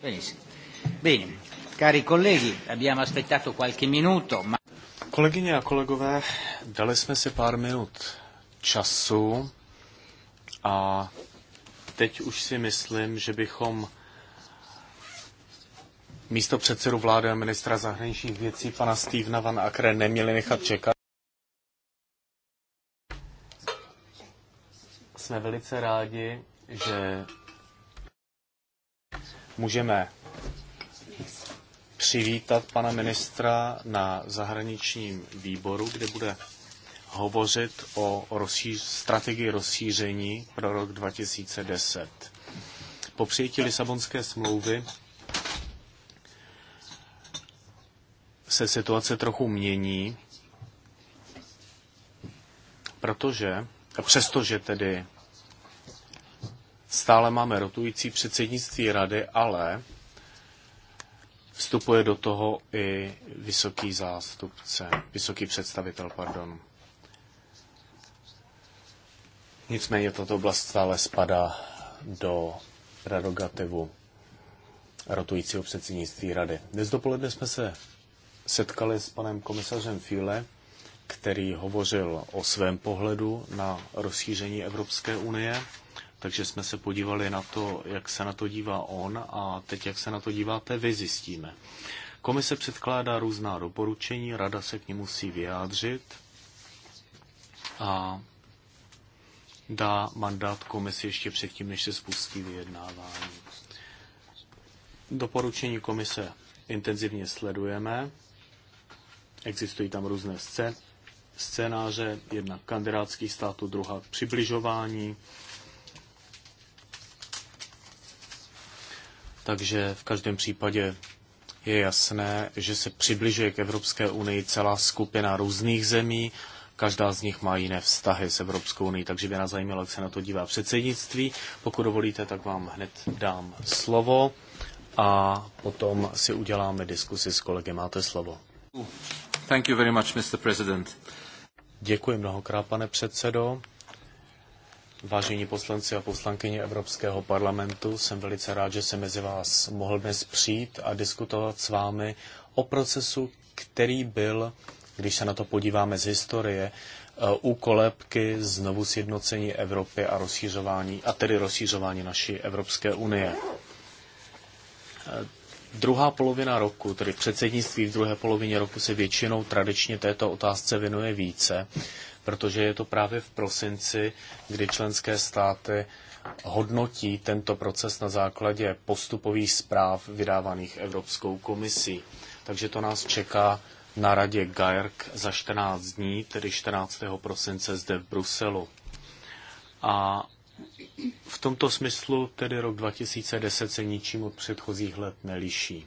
Benissimo. Bene, cari colleghi, abbiamo aspettato qualche minuto, ma... Kolegyně a kolegové, dali jsme si pár minut času a teď už si myslím, že bychom místo předsedu vlády a ministra zahraničních věcí pana Stevena Van Akre neměli nechat čekat. Jsme velice rádi, že Můžeme přivítat pana ministra na zahraničním výboru, kde bude hovořit o rozšíř, strategii rozšíření pro rok 2010. Po přijetí Lisabonské smlouvy se situace trochu mění, protože, přestože tedy Stále máme rotující předsednictví rady, ale vstupuje do toho i vysoký zástupce, vysoký představitel, pardon. Nicméně tato oblast stále spadá do prerogativu rotujícího předsednictví rady. Dnes dopoledne jsme se setkali s panem komisařem File, který hovořil o svém pohledu na rozšíření Evropské unie takže jsme se podívali na to, jak se na to dívá on a teď, jak se na to díváte, vy zjistíme. Komise předkládá různá doporučení, rada se k ní musí vyjádřit a dá mandát komisi ještě předtím, než se spustí vyjednávání. Doporučení komise intenzivně sledujeme. Existují tam různé scénáře, jedna kandidátský státu, druhá přibližování, Takže v každém případě je jasné, že se přibližuje k Evropské unii celá skupina různých zemí, každá z nich má jiné vztahy s Evropskou unii, takže by nás zajímalo, jak se na to dívá předsednictví. Pokud dovolíte, tak vám hned dám slovo a potom si uděláme diskusi s kolegy. Máte slovo. Thank you very much, Mr. President. Děkuji mnohokrát, pane předsedo. Vážení poslanci a poslankyně Evropského parlamentu, jsem velice rád, že se mezi vás mohl dnes přijít a diskutovat s vámi o procesu, který byl, když se na to podíváme z historie, eh, u kolebky znovu sjednocení Evropy a rozšířování, a tedy rozšířování naší Evropské unie. Eh, druhá polovina roku, tedy předsednictví v druhé polovině roku, se většinou tradičně této otázce věnuje více, protože je to právě v prosinci, kdy členské státy hodnotí tento proces na základě postupových zpráv vydávaných Evropskou komisí. Takže to nás čeká na radě GAERK za 14 dní, tedy 14. prosince zde v Bruselu. A v tomto smyslu tedy rok 2010 se ničím od předchozích let neliší.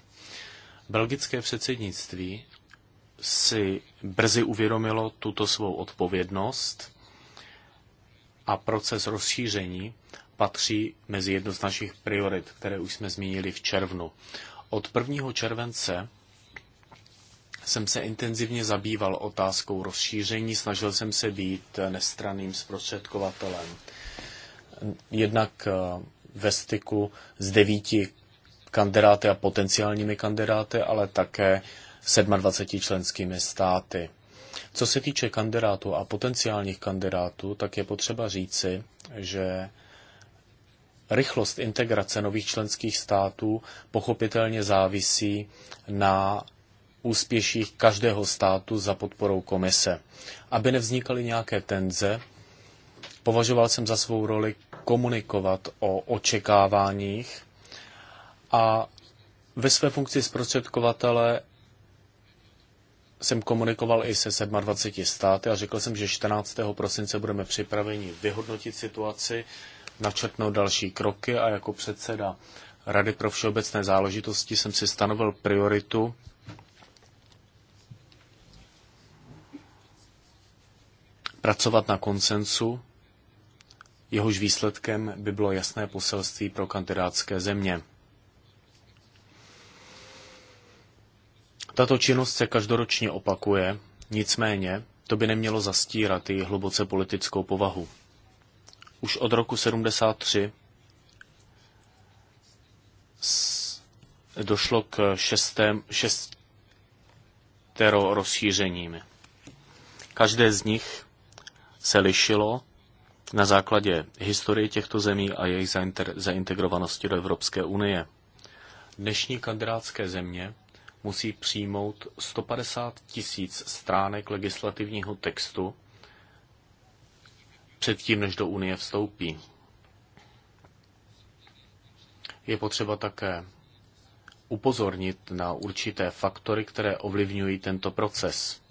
Belgické předsednictví si brzy uvědomilo tuto svou odpovědnost a proces rozšíření patří mezi jednu z našich priorit, které už jsme zmínili v červnu. Od 1. července jsem se intenzivně zabýval otázkou rozšíření, snažil jsem se být nestraným zprostředkovatelem. Jednak eh, ve styku s devíti kandidáty a potenciálními kandidáty, ale také 27 členskými státy. Co se týče kandidátů a potenciálních kandidátů, tak je potřeba říci, že rychlost integrace nových členských států pochopitelně závisí na úspěších každého státu za podporou komise. Aby nevznikaly nějaké tenze, považoval jsem za svou roli komunikovat o očekáváních a ve své funkci zprostředkovatele jsem komunikoval i se 27 státy a řekl jsem, že 14. prosince budeme připraveni vyhodnotit situaci, načrtnout další kroky a jako předseda Rady pro všeobecné záležitosti jsem si stanovil prioritu pracovat na konsensu, jehož výsledkem by bylo jasné poselství pro kandidátské země. Tato činnost se každoročně opakuje, nicméně to by nemělo zastírat její hluboce politickou povahu. Už od roku 73 došlo k šestém, šestero rozšířením. Každé z nich se lišilo na základě historie těchto zemí a jejich zaintegrovanosti do Evropské unie. Dnešní kandidátské země musí přijmout 150 tisíc stránek legislativního textu předtím, než do Unie vstoupí. Je potřeba také upozornit na určité faktory, které ovlivňují tento proces.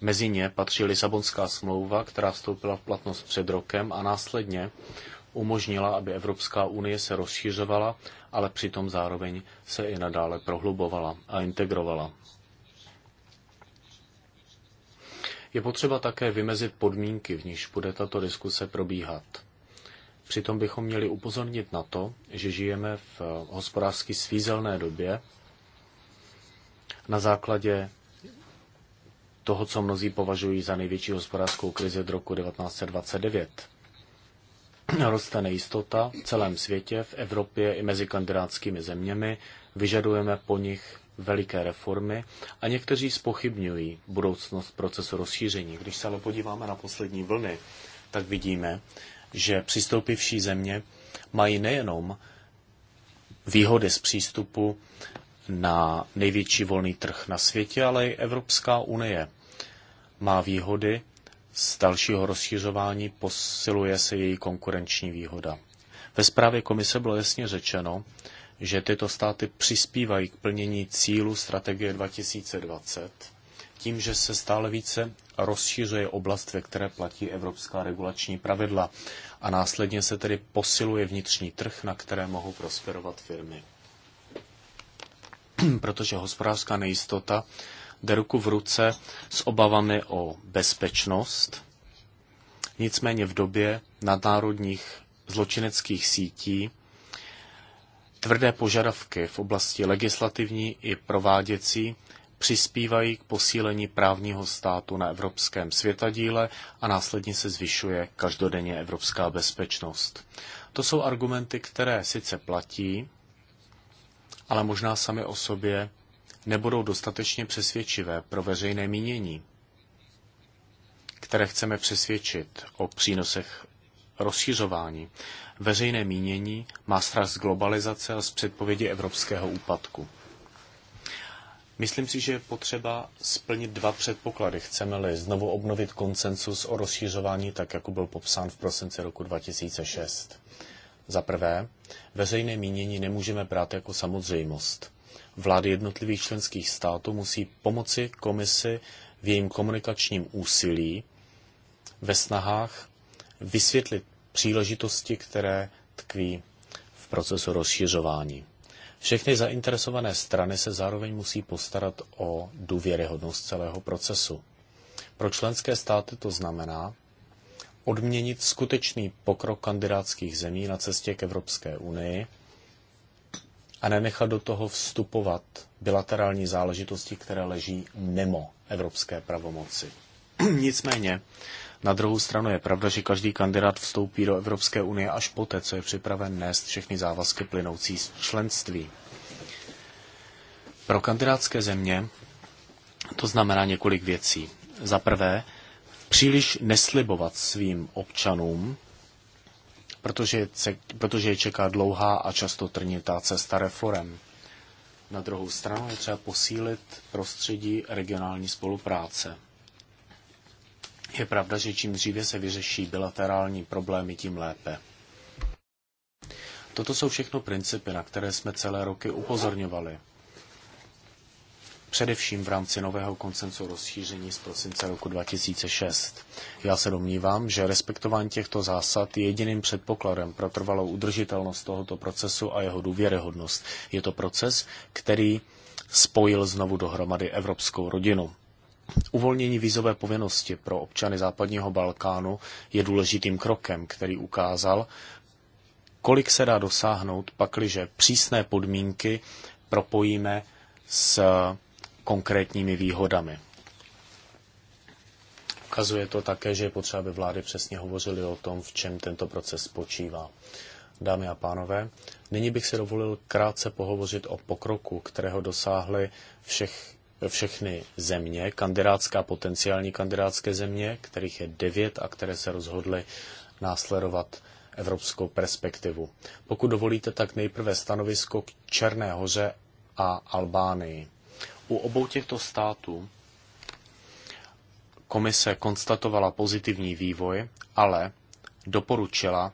Mezi ně patří Lisabonská smlouva, která vstoupila v platnost před rokem a následně umožnila, aby Evropská unie se rozšířovala, ale přitom zároveň se i nadále prohlubovala a integrovala. Je potřeba také vymezit podmínky, v nichž bude tato diskuse probíhat. Přitom bychom měli upozornit na to, že žijeme v hospodářsky svízelné době na základě toho, co mnozí považují za největší hospodářskou krizi od roku 1929 roste nejistota v celém světě, v Evropě i mezi kandidátskými zeměmi. Vyžadujeme po nich veliké reformy a někteří spochybňují budoucnost procesu rozšíření. Když se ale podíváme na poslední vlny, tak vidíme, že přistoupivší země mají nejenom výhody z přístupu na největší volný trh na světě, ale i Evropská unie má výhody z dalšího rozšířování posiluje se její konkurenční výhoda. Ve zprávě komise bylo jasně řečeno, že tyto státy přispívají k plnění cílu strategie 2020 tím, že se stále více rozšířuje oblast, ve které platí evropská regulační pravidla a následně se tedy posiluje vnitřní trh, na které mohou prosperovat firmy. Protože hospodářská nejistota jde ruku v ruce s obavami o bezpečnost. Nicméně v době nadnárodních zločineckých sítí tvrdé požadavky v oblasti legislativní i prováděcí přispívají k posílení právního státu na evropském světadíle a následně se zvyšuje každodenně evropská bezpečnost. To jsou argumenty, které sice platí, ale možná sami o sobě nebudou dostatečně přesvědčivé pro veřejné mínění, které chceme přesvědčit o přínosech rozšířování. Veřejné mínění má strach z globalizace a z předpovědi evropského úpadku. Myslím si, že je potřeba splnit dva předpoklady. Chceme-li znovu obnovit konsensus o rozšířování, tak jako byl popsán v prosinci roku 2006. Za prvé, veřejné mínění nemůžeme brát jako samozřejmost. Vlády jednotlivých členských států musí pomoci komisi v jejím komunikačním úsilí ve snahách vysvětlit příležitosti, které tkví v procesu rozšiřování. Všechny zainteresované strany se zároveň musí postarat o důvěryhodnost celého procesu. Pro členské státy to znamená odměnit skutečný pokrok kandidátských zemí na cestě k Evropské unii a nenechat do toho vstupovat bilaterální záležitosti, které leží mimo evropské pravomoci. Nicméně, na druhou stranu je pravda, že každý kandidát vstoupí do Evropské unie až poté, co je připraven nést všechny závazky plynoucí z členství. Pro kandidátské země to znamená několik věcí. Za prvé, příliš neslibovat svým občanům, protože, se, protože je čeká dlouhá a často trnitá cesta reform. Na druhou stranu je třeba posílit prostředí regionální spolupráce. Je pravda, že čím dříve se vyřeší bilaterální problémy, tím lépe. Toto jsou všechno principy, na které jsme celé roky upozorňovali především v rámci nového koncensu rozšíření z prosince roku 2006. Já se domnívám, že respektování těchto zásad je jediným předpokladem pro trvalou udržitelnost tohoto procesu a jeho důvěryhodnost. Je to proces, který spojil znovu dohromady evropskou rodinu. Uvolnění vízové povinnosti pro občany západního Balkánu je důležitým krokem, který ukázal, kolik se dá dosáhnout, pakliže přísné podmínky propojíme s konkrétními výhodami. Ukazuje to také, že je potřeba, aby vlády přesně hovořily o tom, v čem tento proces spočívá. Dámy a pánové, nyní bych si dovolil krátce pohovořit o pokroku, kterého dosáhly všech, všechny země, kandidátská, potenciální kandidátské země, kterých je devět a které se rozhodly následovat evropskou perspektivu. Pokud dovolíte, tak nejprve stanovisko k Černé hoře a Albánii. U obou těchto států komise konstatovala pozitivní vývoj, ale doporučila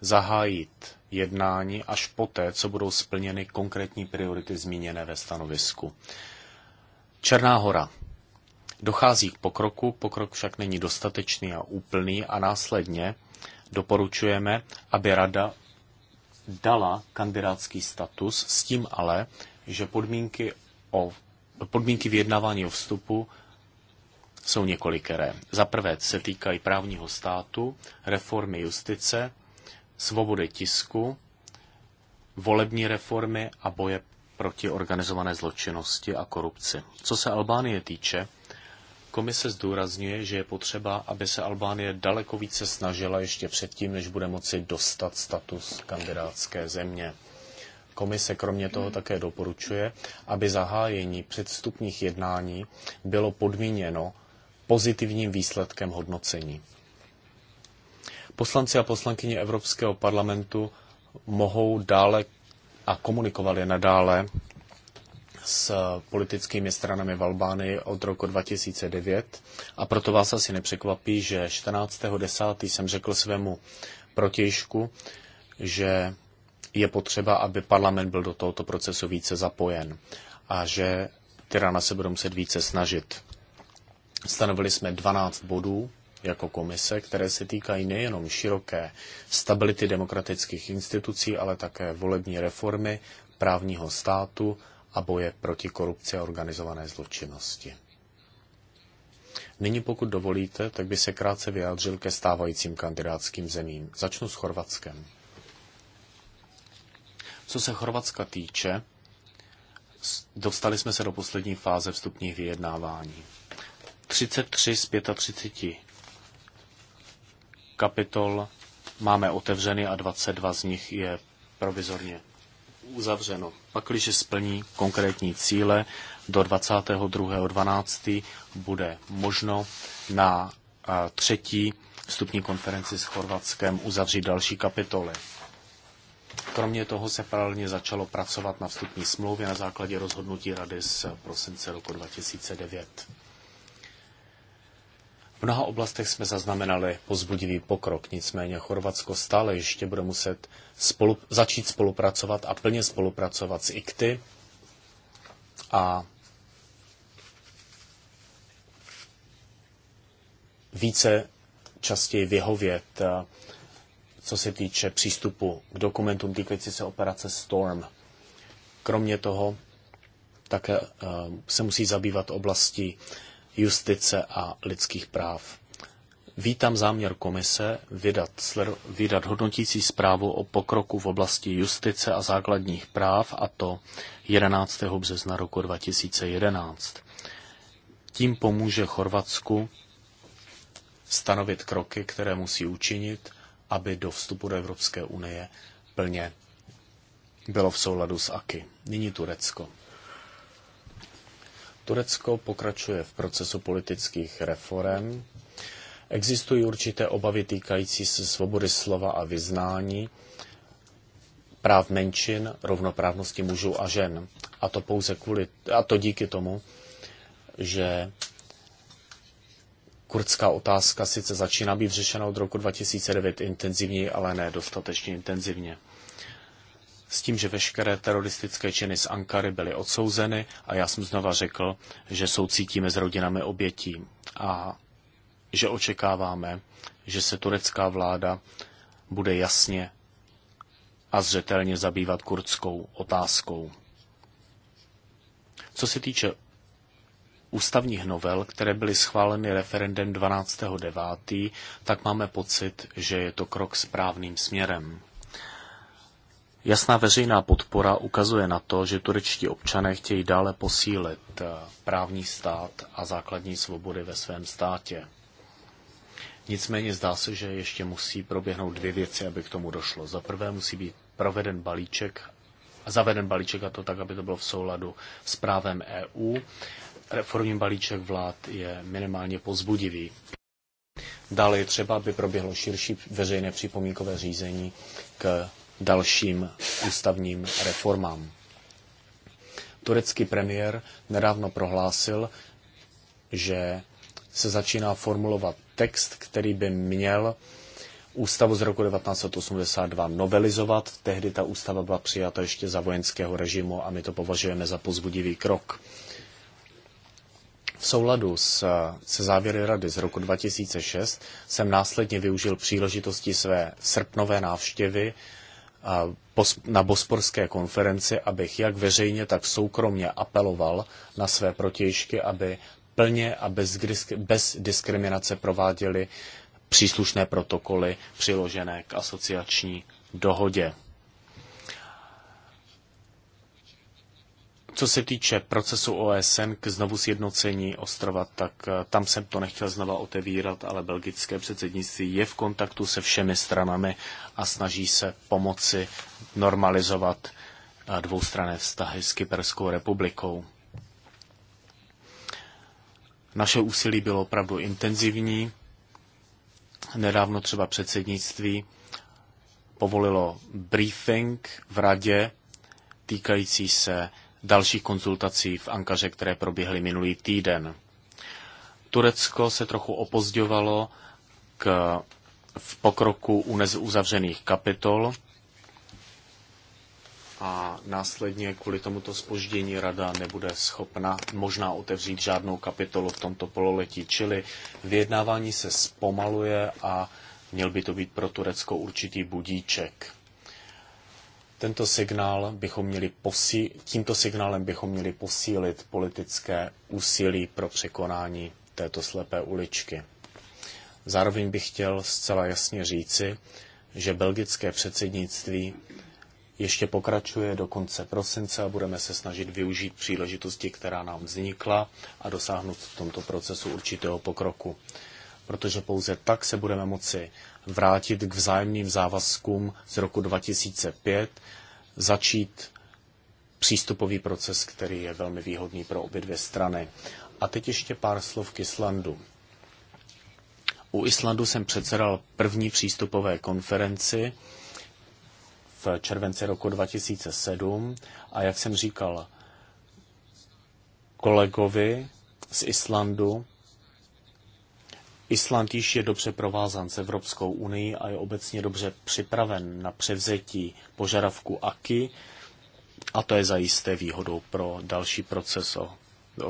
zahájit jednání až poté, co budou splněny konkrétní priority zmíněné ve stanovisku. Černá hora. Dochází k pokroku, pokrok však není dostatečný a úplný a následně doporučujeme, aby rada dala kandidátský status s tím ale, že podmínky o podmínky vyjednávání o vstupu jsou několikeré. Za prvé se týkají právního státu, reformy justice, svobody tisku, volební reformy a boje proti organizované zločinnosti a korupci. Co se Albánie týče, komise zdůrazňuje, že je potřeba, aby se Albánie daleko více snažila ještě předtím, než bude moci dostat status kandidátské země. Komise kromě toho také doporučuje, aby zahájení předstupních jednání bylo podmíněno pozitivním výsledkem hodnocení. Poslanci a poslankyně Evropského parlamentu mohou dále a komunikovali nadále s politickými stranami v Albánii od roku 2009 a proto vás asi nepřekvapí, že 14.10. jsem řekl svému protějšku, že je potřeba, aby parlament byl do tohoto procesu více zapojen a že tyrana se budou muset více snažit. Stanovili jsme 12 bodů jako komise, které se týkají nejenom široké stability demokratických institucí, ale také volební reformy, právního státu a boje proti korupci a organizované zločinnosti. Nyní, pokud dovolíte, tak by se krátce vyjádřil ke stávajícím kandidátským zemím. Začnu s Chorvatskem. Co se Chorvatska týče, dostali jsme se do poslední fáze vstupních vyjednávání. 33 z 35 kapitol máme otevřeny a 22 z nich je provizorně uzavřeno. Pakliže splní konkrétní cíle, do 22.12. bude možno na třetí vstupní konferenci s Chorvatskem uzavřít další kapitoly. Kromě toho se paralelně začalo pracovat na vstupní smlouvě na základě rozhodnutí Rady z prosince roku 2009. V mnoha oblastech jsme zaznamenali pozbudivý pokrok, nicméně Chorvatsko stále ještě bude muset spolu, začít spolupracovat a plně spolupracovat s ICTY a více častěji vyhovět co se týče přístupu k dokumentům týkající se operace Storm. Kromě toho také eh, se musí zabývat oblasti justice a lidských práv. Vítám záměr komise vydat, vydat hodnotící zprávu o pokroku v oblasti justice a základních práv, a to 11. března roku 2011. Tím pomůže Chorvatsku stanovit kroky, které musí učinit, aby do vstupu do Evropské unie plně bylo v souladu s AKY. Nyní Turecko. Turecko pokračuje v procesu politických reform. Existují určité obavy týkající se svobody slova a vyznání, práv menšin, rovnoprávnosti mužů a žen. A to pouze kvůli, a to díky tomu, že kurdská otázka sice začíná být řešena od roku 2009 intenzivně, ale ne dostatečně intenzivně. S tím, že veškeré teroristické činy z Ankary byly odsouzeny a já jsem znova řekl, že soucítíme s rodinami obětí a že očekáváme, že se turecká vláda bude jasně a zřetelně zabývat kurdskou otázkou. Co se týče ústavních novel, které byly schváleny referendem 12.9., tak máme pocit, že je to krok správným směrem. Jasná veřejná podpora ukazuje na to, že turečtí občané chtějí dále posílit eh, právní stát a základní svobody ve svém státě. Nicméně zdá se, že ještě musí proběhnout dvě věci, aby k tomu došlo. Za prvé musí být proveden balíček, zaveden balíček a to tak, aby to bylo v souladu s právem EU reformní balíček vlád je minimálně pozbudivý. Dále je třeba, aby proběhlo širší veřejné připomínkové řízení k dalším ústavním reformám. Turecký premiér nedávno prohlásil, že se začíná formulovat text, který by měl ústavu z roku 1982 novelizovat. Tehdy ta ústava byla přijata ještě za vojenského režimu a my to považujeme za pozbudivý krok. V souladu s, se závěry rady z roku 2006 jsem následně využil příležitosti své srpnové návštěvy na bosporské konferenci, abych jak veřejně, tak soukromně apeloval na své protějšky, aby plně a bez, bez diskriminace prováděli příslušné protokoly přiložené k asociační dohodě. Co se týče procesu OSN k znovu sjednocení ostrova, tak eh, tam jsem to nechtěl znova otevírat, ale belgické předsednictví je v kontaktu se všemi stranami a snaží se pomoci normalizovat eh, dvoustranné vztahy s Kyperskou republikou. Naše úsilí bylo opravdu intenzivní. Nedávno třeba předsednictví povolilo briefing v radě týkající se dalších konzultací v Ankaře, které proběhly minulý týden. Turecko se trochu opozďovalo k, v pokroku u uzavřených kapitol a následně kvůli tomuto spoždění rada nebude schopna možná otevřít žádnou kapitolu v tomto pololetí, čili vyjednávání se zpomaluje a měl by to být pro Turecko určitý budíček. Tento signál bychom měli posí- tímto signálem bychom měli posílit politické úsilí pro překonání této slepé uličky. Zároveň bych chtěl zcela jasně říci, že belgické předsednictví ještě pokračuje do konce prosince a budeme se snažit využít příležitosti, která nám vznikla a dosáhnout v tomto procesu určitého pokroku. Protože pouze tak se budeme moci vrátit k vzájemným závazkům z roku 2005, začít přístupový proces, který je velmi výhodný pro obě dvě strany. A teď ještě pár slov k Islandu. U Islandu jsem předsedal první přístupové konferenci v červenci roku 2007 a jak jsem říkal kolegovi z Islandu, Island již je dobře provázan s Evropskou unii a je obecně dobře připraven na převzetí požadavku AKI a to je zajisté výhodou pro další proces o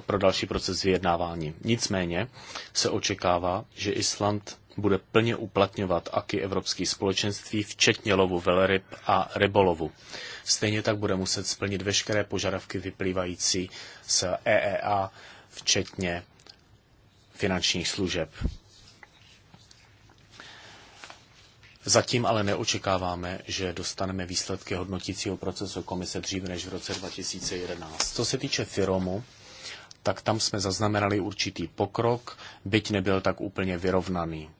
pro další proces vyjednávání. Nicméně se očekává, že Island bude plně uplatňovat aky evropský společenství, včetně lovu velryb a rybolovu. Stejně tak bude muset splnit veškeré požadavky vyplývající z EEA, včetně finančních služeb. Zatím ale neočekáváme, že dostaneme výsledky hodnotícího procesu komise dříve než v roce 2011. Co se týče Firomu, tak tam jsme zaznamenali určitý pokrok, byť nebyl tak úplně vyrovnaný.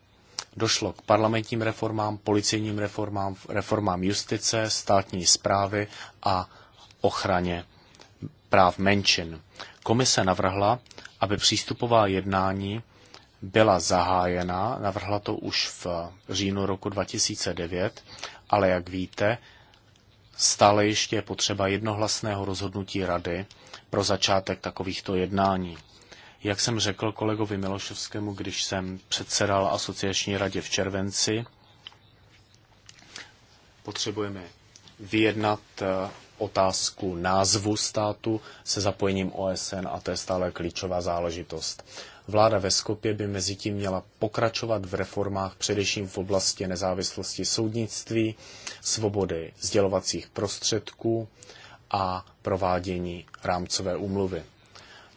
Došlo k parlamentním reformám, policejním reformám, reformám justice, státní zprávy a ochraně práv menšin. Komise navrhla, aby přístupová jednání byla zahájena, navrhla to už v říjnu roku 2009, ale jak víte, stále ještě je potřeba jednohlasného rozhodnutí rady pro začátek takovýchto jednání. Jak jsem řekl kolegovi Miloševskému, když jsem předsedal asociační radě v červenci, potřebujeme vyjednat eh, otázku názvu státu se zapojením OSN a to je stále klíčová záležitost. Vláda ve Skopě by mezi tím měla pokračovat v reformách především v oblasti nezávislosti soudnictví, svobody sdělovacích prostředků a provádění rámcové úmluvy.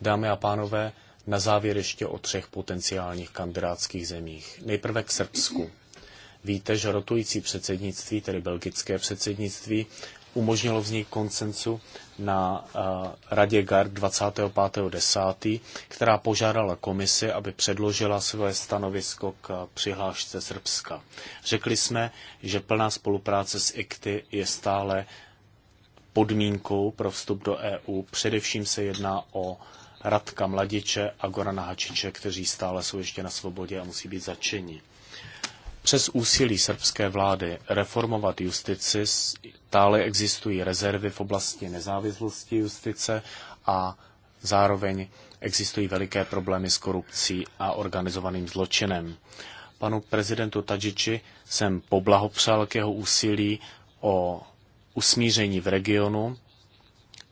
Dámy a pánové, na závěr ještě o třech potenciálních kandidátských zemích. Nejprve k Srbsku. Víte, že rotující předsednictví, tedy belgické předsednictví, umožnilo vznik koncensu na eh, Radě GARD 25.10., která požádala komisi, aby předložila své stanovisko k přihlášce Srbska. Řekli jsme, že plná spolupráce s ICTY je stále podmínkou pro vstup do EU. Především se jedná o Radka Mladiče a Gorana Hačiče, kteří stále jsou ještě na svobodě a musí být začeni. Přes úsilí srbské vlády reformovat justici stále existují rezervy v oblasti nezávislosti justice a zároveň existují veliké problémy s korupcí a organizovaným zločinem. Panu prezidentu Tadžiči jsem poblahopřál k jeho úsilí o usmíření v regionu,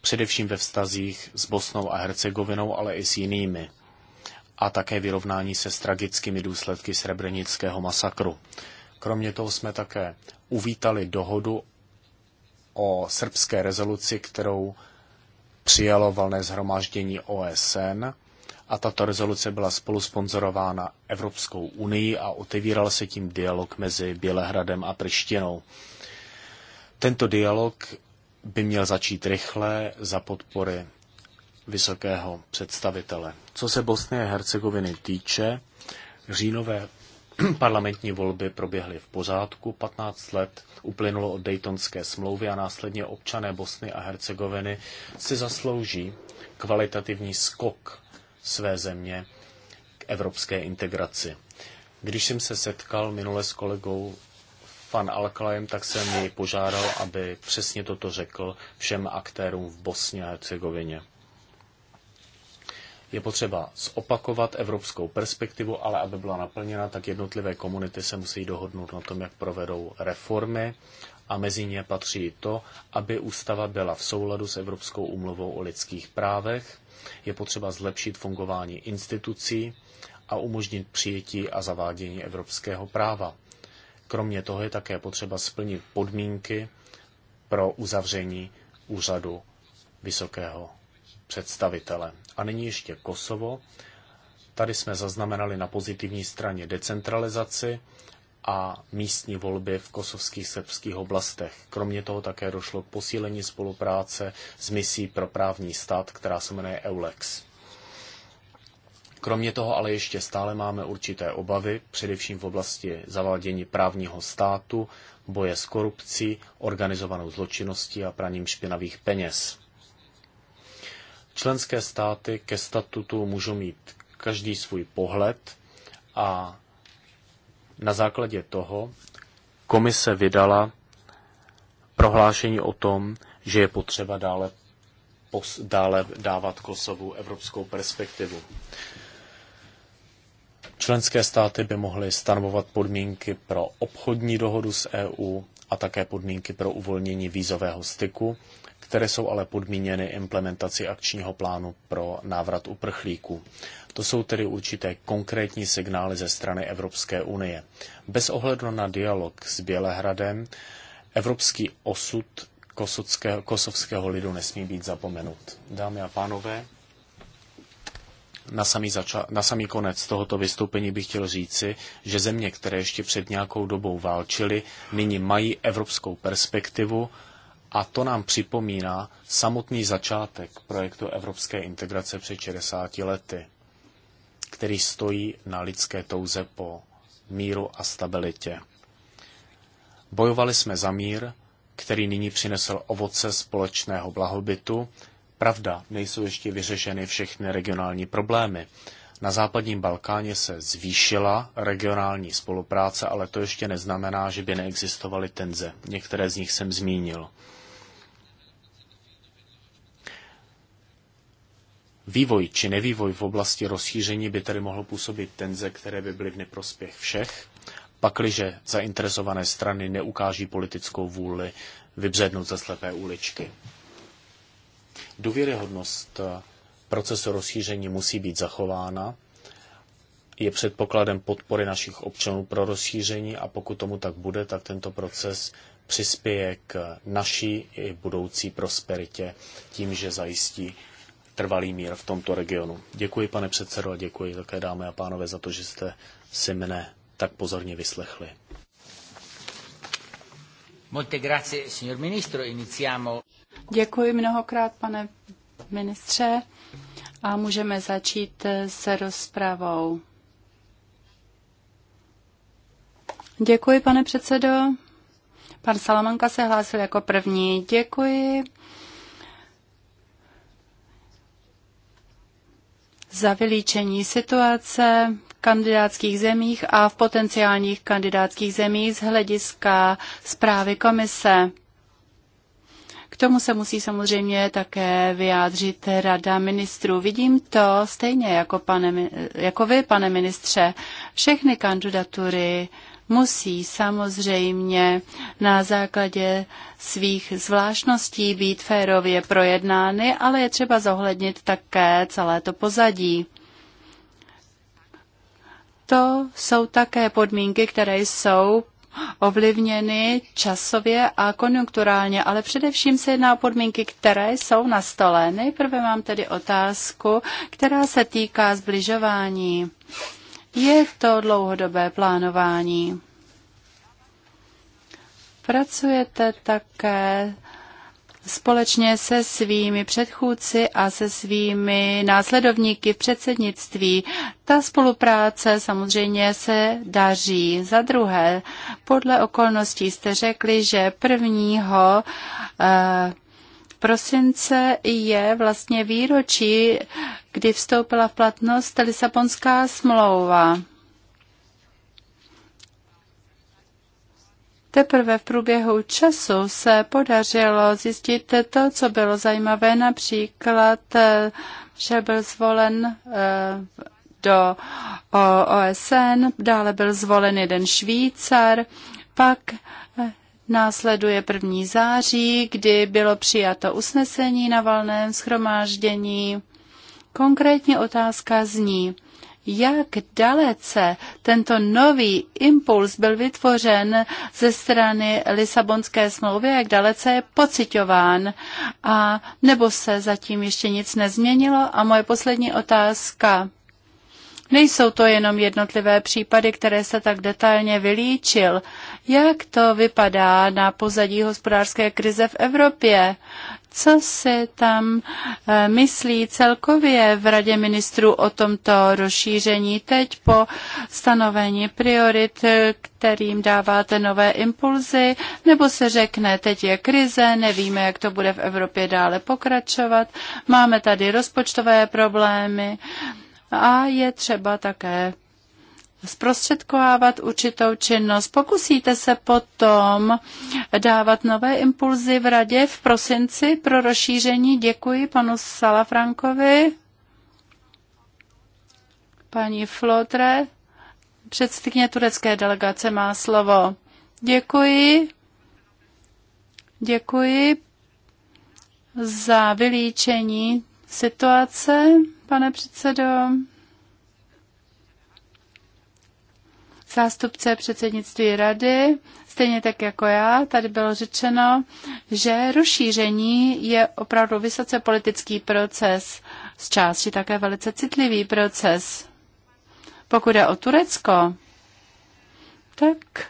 především ve vztazích s Bosnou a Hercegovinou, ale i s jinými a také vyrovnání se s tragickými důsledky srebrenického masakru. Kromě toho jsme také uvítali dohodu o srbské rezoluci, kterou přijalo valné zhromáždění OSN a tato rezoluce byla spolusponzorována Evropskou unii a otevíral se tím dialog mezi Bělehradem a Prištinou. Tento dialog by měl začít rychle za podpory vysokého představitele. Co se Bosny a Hercegoviny týče, říjnové parlamentní volby proběhly v pořádku, 15 let uplynulo od Daytonské smlouvy a následně občané Bosny a Hercegoviny si zaslouží kvalitativní skok své země k evropské integraci. Když jsem se setkal minule s kolegou Fan Alklajem, tak jsem jej požádal, aby přesně toto řekl všem aktérům v Bosně a Hercegovině. Je potřeba zopakovat evropskou perspektivu, ale aby byla naplněna, tak jednotlivé komunity se musí dohodnout na tom, jak provedou reformy a mezi ně patří to, aby ústava byla v souladu s Evropskou úmluvou o lidských právech, je potřeba zlepšit fungování institucí a umožnit přijetí a zavádění evropského práva. Kromě toho je také potřeba splnit podmínky pro uzavření úřadu vysokého představitele. A nyní ještě Kosovo. Tady jsme zaznamenali na pozitivní straně decentralizaci a místní volby v kosovských srbských oblastech. Kromě toho také došlo k posílení spolupráce s misí pro právní stát, která se jmenuje EULEX. Kromě toho ale ještě stále máme určité obavy, především v oblasti zavádění právního státu, boje s korupcí, organizovanou zločinností a praním špinavých peněz. Členské státy ke statutu můžou mít každý svůj pohled a na základě toho komise vydala prohlášení o tom, že je potřeba dále, pos, dále dávat Kosovu evropskou perspektivu. Členské státy by mohly stanovovat podmínky pro obchodní dohodu s EU, a také podmínky pro uvolnění vízového styku, které jsou ale podmíněny implementací akčního plánu pro návrat uprchlíků. To jsou tedy určité konkrétní signály ze strany Evropské unie. Bez ohledu na dialog s Bělehradem, evropský osud kosovského, kosovského lidu nesmí být zapomenut. Dámy a pánové, na samý, zača- na samý konec tohoto vystoupení bych chtěl říci, že země, které ještě před nějakou dobou válčily, nyní mají evropskou perspektivu a to nám připomíná samotný začátek projektu evropské integrace před 60 lety, který stojí na lidské touze po míru a stabilitě. Bojovali jsme za mír, který nyní přinesl ovoce společného blahobytu, Pravda, nejsou ještě vyřešeny všechny regionální problémy. Na západním Balkáně se zvýšila regionální spolupráce, ale to ještě neznamená, že by neexistovaly tenze. Některé z nich jsem zmínil. Vývoj či nevývoj v oblasti rozšíření by tedy mohlo působit tenze, které by byly v neprospěch všech, pakliže zainteresované strany neukáží politickou vůli vybřednout ze slepé uličky. Důvěryhodnost eh, procesu rozšíření musí být zachována. Je předpokladem podpory našich občanů pro rozšíření a pokud tomu tak bude, tak tento proces přispěje k naší i budoucí prosperitě tím, že zajistí trvalý mír v tomto regionu. Děkuji, pane předsedo, a děkuji také dámy a pánové za to, že jste si mne tak pozorně vyslechli. Molte grazie, signor ministro. Iniziamo. Děkuji mnohokrát, pane ministře, a můžeme začít se rozpravou. Děkuji, pane předsedo. Pan Salamanka se hlásil jako první. Děkuji. za vylíčení situace v kandidátských zemích a v potenciálních kandidátských zemích z hlediska zprávy komise. K tomu se musí samozřejmě také vyjádřit rada ministrů. Vidím to stejně jako, pane, jako vy, pane ministře. Všechny kandidatury musí samozřejmě na základě svých zvláštností být férově projednány, ale je třeba zohlednit také celé to pozadí. To jsou také podmínky, které jsou ovlivněny časově a konjunkturálně, ale především se jedná o podmínky, které jsou na stole. Nejprve mám tedy otázku, která se týká zbližování. Je to dlouhodobé plánování. Pracujete také společně se svými předchůdci a se svými následovníky v předsednictví. Ta spolupráce samozřejmě se daří. Za druhé, podle okolností jste řekli, že prvního eh, prosince je vlastně výročí, kdy vstoupila v platnost Lisabonská smlouva. Teprve v průběhu času se podařilo zjistit to, co bylo zajímavé, například, eh, že byl zvolen eh, do OSN, dále byl zvolen jeden Švýcar, pak eh, Následuje 1. září, kdy bylo přijato usnesení na valném schromáždění. Konkrétně otázka zní, jak dalece tento nový impuls byl vytvořen ze strany Lisabonské smlouvy, jak dalece je pocitován, a nebo se zatím ještě nic nezměnilo. A moje poslední otázka. Nejsou to jenom jednotlivé případy, které se tak detailně vylíčil. Jak to vypadá na pozadí hospodářské krize v Evropě? Co se tam eh, myslí celkově v Radě ministrů o tomto rozšíření teď po stanovení priorit, eh, kterým dáváte nové impulzy, nebo se řekne, teď je krize, nevíme, jak to bude v Evropě dále pokračovat, máme tady rozpočtové problémy, a je třeba také zprostředkovávat určitou činnost. Pokusíte se potom dávat nové impulzy v radě v prosinci pro rozšíření. Děkuji panu Salafrankovi, paní Flotre, předsedkyně turecké delegace má slovo. Děkuji. Děkuji za vylíčení situace, pane předsedo. Zástupce předsednictví rady, stejně tak jako já, tady bylo řečeno, že rozšíření je opravdu vysoce politický proces, z části také velice citlivý proces. Pokud je o Turecko, tak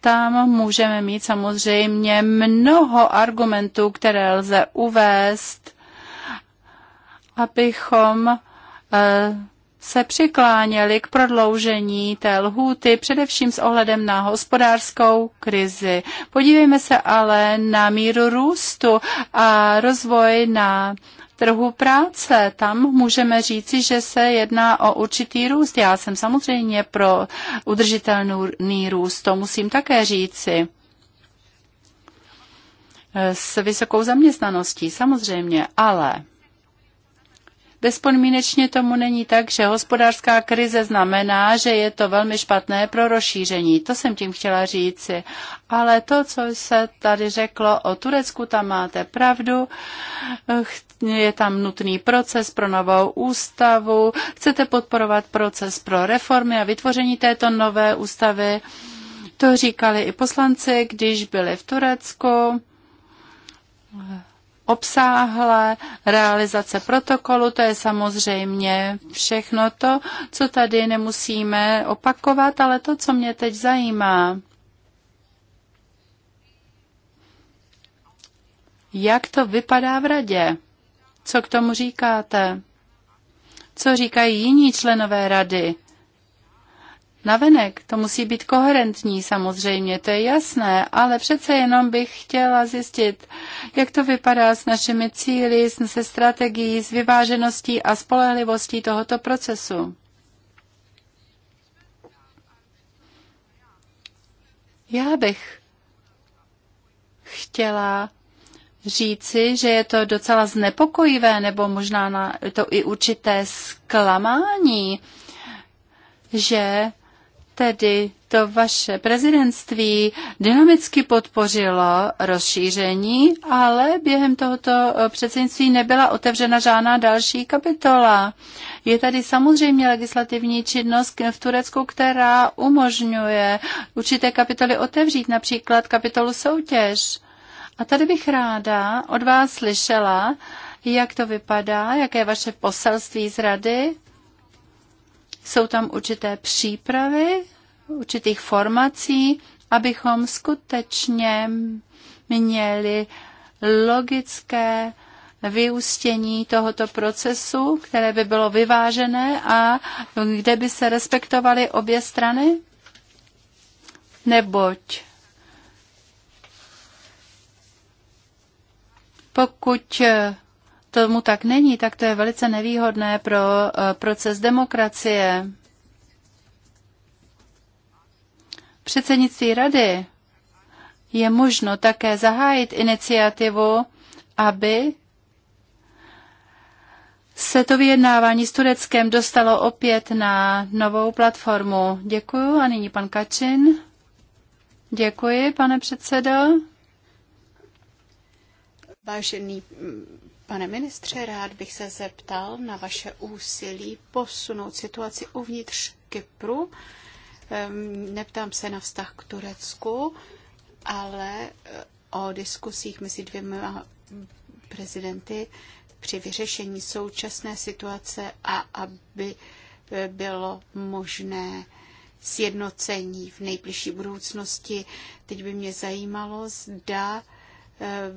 tam můžeme mít samozřejmě mnoho argumentů, které lze uvést abychom eh, se přikláněli k prodloužení té lhůty, především s ohledem na hospodářskou krizi. Podívejme se ale na míru růstu a rozvoj na trhu práce. Tam můžeme říci, že se jedná o určitý růst. Já jsem samozřejmě pro udržitelný růst, to musím také říci. Eh, s vysokou zaměstnaností samozřejmě, ale Bezpodmínečně tomu není tak, že hospodářská krize znamená, že je to velmi špatné pro rozšíření. To jsem tím chtěla říci. Ale to, co se tady řeklo o Turecku, tam máte pravdu. Je tam nutný proces pro novou ústavu. Chcete podporovat proces pro reformy a vytvoření této nové ústavy. To říkali i poslanci, když byli v Turecku obsáhlé realizace protokolu, to je samozřejmě všechno to, co tady nemusíme opakovat, ale to, co mě teď zajímá, jak to vypadá v radě, co k tomu říkáte, co říkají jiní členové rady, navenek. To musí být koherentní samozřejmě, to je jasné, ale přece jenom bych chtěla zjistit, jak to vypadá s našimi cíly, se strategií, s vyvážeností a spolehlivostí tohoto procesu. Já bych chtěla říci, že je to docela znepokojivé, nebo možná na to i určité zklamání, že tedy to vaše prezidentství dynamicky podpořilo rozšíření, ale během tohoto eh, předsednictví nebyla otevřena žádná další kapitola. Je tady samozřejmě legislativní činnost v Turecku, která umožňuje určité kapitoly otevřít, například kapitolu soutěž. A tady bych ráda od vás slyšela, jak to vypadá, jaké je vaše poselství z rady jsou tam určité přípravy, určitých formací, abychom skutečně měli logické vyústění tohoto procesu, které by bylo vyvážené a kde by se respektovaly obě strany? Neboť pokud tomu tak není, tak to je velice nevýhodné pro eh, proces demokracie. Předsednictví rady je možno také zahájit iniciativu, aby se to vyjednávání s Tureckem dostalo opět na novou platformu. Děkuji a nyní pan Kačin. Děkuji, pane předsedo. Vážený Pane ministře, rád bych se zeptal na vaše úsilí posunout situaci uvnitř Kypru. Ehm, neptám se na vztah k Turecku, ale eh, o diskusích mezi dvěma prezidenty při vyřešení současné situace a aby eh, bylo možné sjednocení v nejbližší budoucnosti. Teď by mě zajímalo, zda Eh,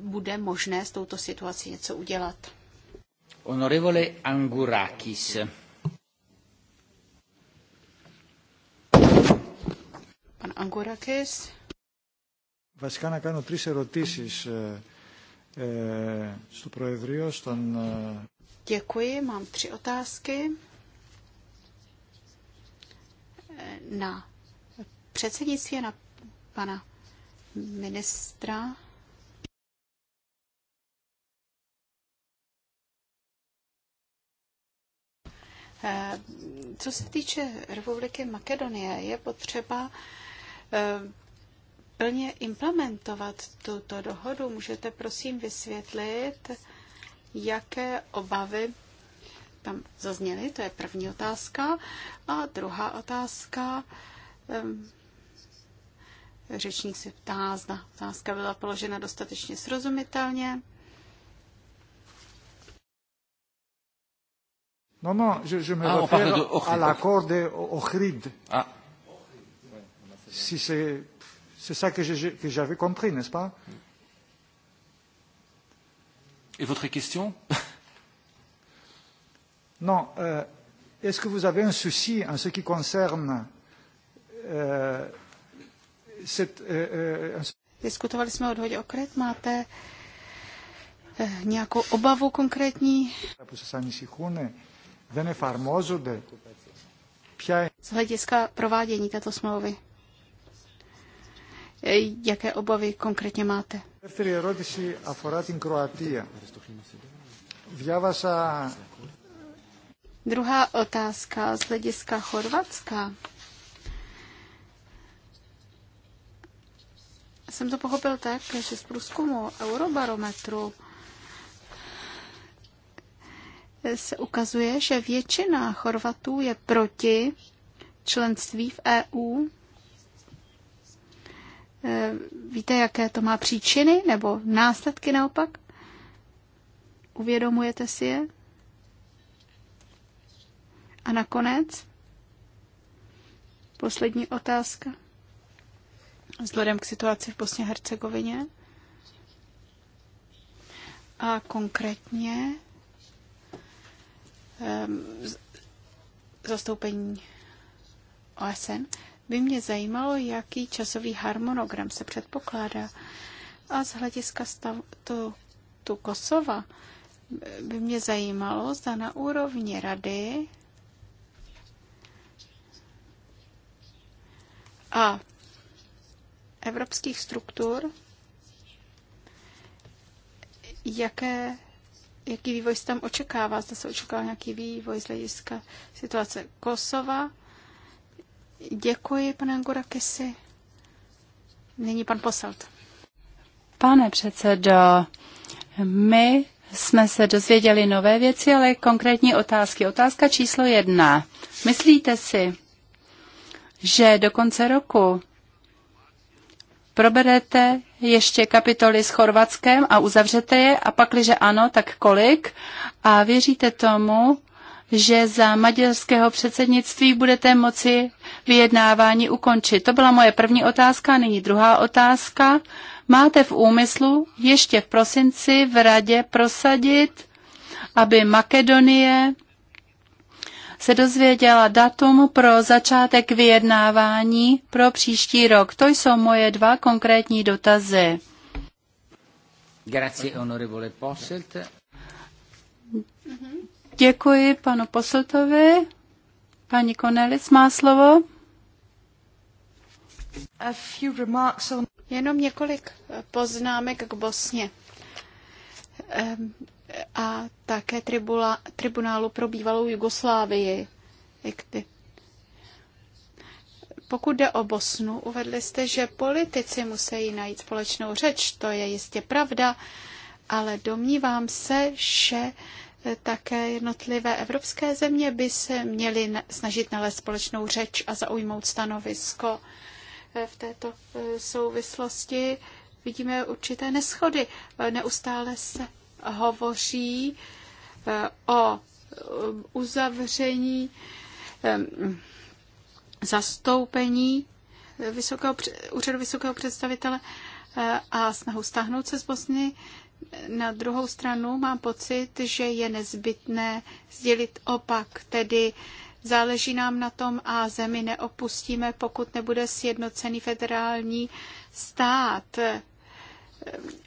bude možné s touto situací něco udělat. Honorevole Angurakis. Pan Angurakis. Βασικά να κάνω τρεις ερωτήσεις ε, ε, στο Προεδρείο, στον... Děkuji, mám tři otázky. Na předsednictví na pana ministra. Eh, co se týče Republiky Makedonie, je potřeba eh, plně implementovat tuto dohodu. Můžete prosím vysvětlit, jaké obavy tam zazněly? To je první otázka. A druhá otázka. Eh, Řečník se ptá, zda otázka byla položena dostatečně srozumitelně. No, no, je, je me ah, réfère de à l'accord de Ohrid. Ah. Si c'est ça que j'avais compris, n'est-ce pas Et votre question Non. Euh, Est-ce que vous avez un souci en ce qui concerne euh, Eh, eh, Diskutovali jsme o dohodě o Kret. Máte eh, nějakou obavu konkrétní? Z hlediska provádění této smlouvy. Jaké obavy konkrétně máte? Δεύτερη ερώτηση αφορά την Κροατία. Διάβασα... Druhá otázka z hlediska Chorvatska. jsem to pochopil tak, že z průzkumu Eurobarometru se ukazuje, že většina Chorvatů je proti členství v EU. E, víte, jaké to má příčiny nebo následky naopak? Uvědomujete si je? A nakonec, poslední otázka vzhledem k situaci v Bosně Hercegovině. A konkrétně ehm, zastoupení OSN by mě zajímalo, jaký časový harmonogram se předpokládá. A z hlediska tu Kosova by mě zajímalo, zda na úrovni rady a evropských struktur, jaké, jaký vývoj se tam očekává. Zda se očekává nějaký vývoj z hlediska situace Kosova. Děkuji, pane Angurakisi. Nyní pan Poselt. Pane předsedo, my jsme se dozvěděli nové věci, ale konkrétní otázky. Otázka číslo jedna. Myslíte si, že do konce roku proberete ještě kapitoly s Chorvatskem a uzavřete je a pakliže ano, tak kolik? A věříte tomu, že za maďarského předsednictví budete moci vyjednávání ukončit? To byla moje první otázka, nyní druhá otázka. Máte v úmyslu ještě v prosinci v radě prosadit, aby Makedonie se dozvěděla datum pro začátek vyjednávání pro příští rok. To jsou moje dva konkrétní dotazy. Grazie, onorevole Děkuji panu Poseltovi. Paní Konelis má slovo. A few remarks on... Jenom několik poznámek k Bosně a také tribula, tribunálu pro bývalou Jugoslávii. Pokud jde o Bosnu, uvedli jste, že politici musí najít společnou řeč, to je jistě pravda, ale domnívám se, že eh, také jednotlivé evropské země by se měly snažit nalézt společnou řeč a zaujmout stanovisko. Eh, v této eh, souvislosti vidíme určité neschody. Neustále se hovoří eh, o eh, uzavření eh, zastoupení vysokého, úřadu vysokého představitele a snahu stáhnout se z Bosny. Na druhou stranu mám pocit, že je nezbytné sdělit opak, tedy záleží nám na tom a zemi neopustíme, pokud nebude sjednocený federální stát.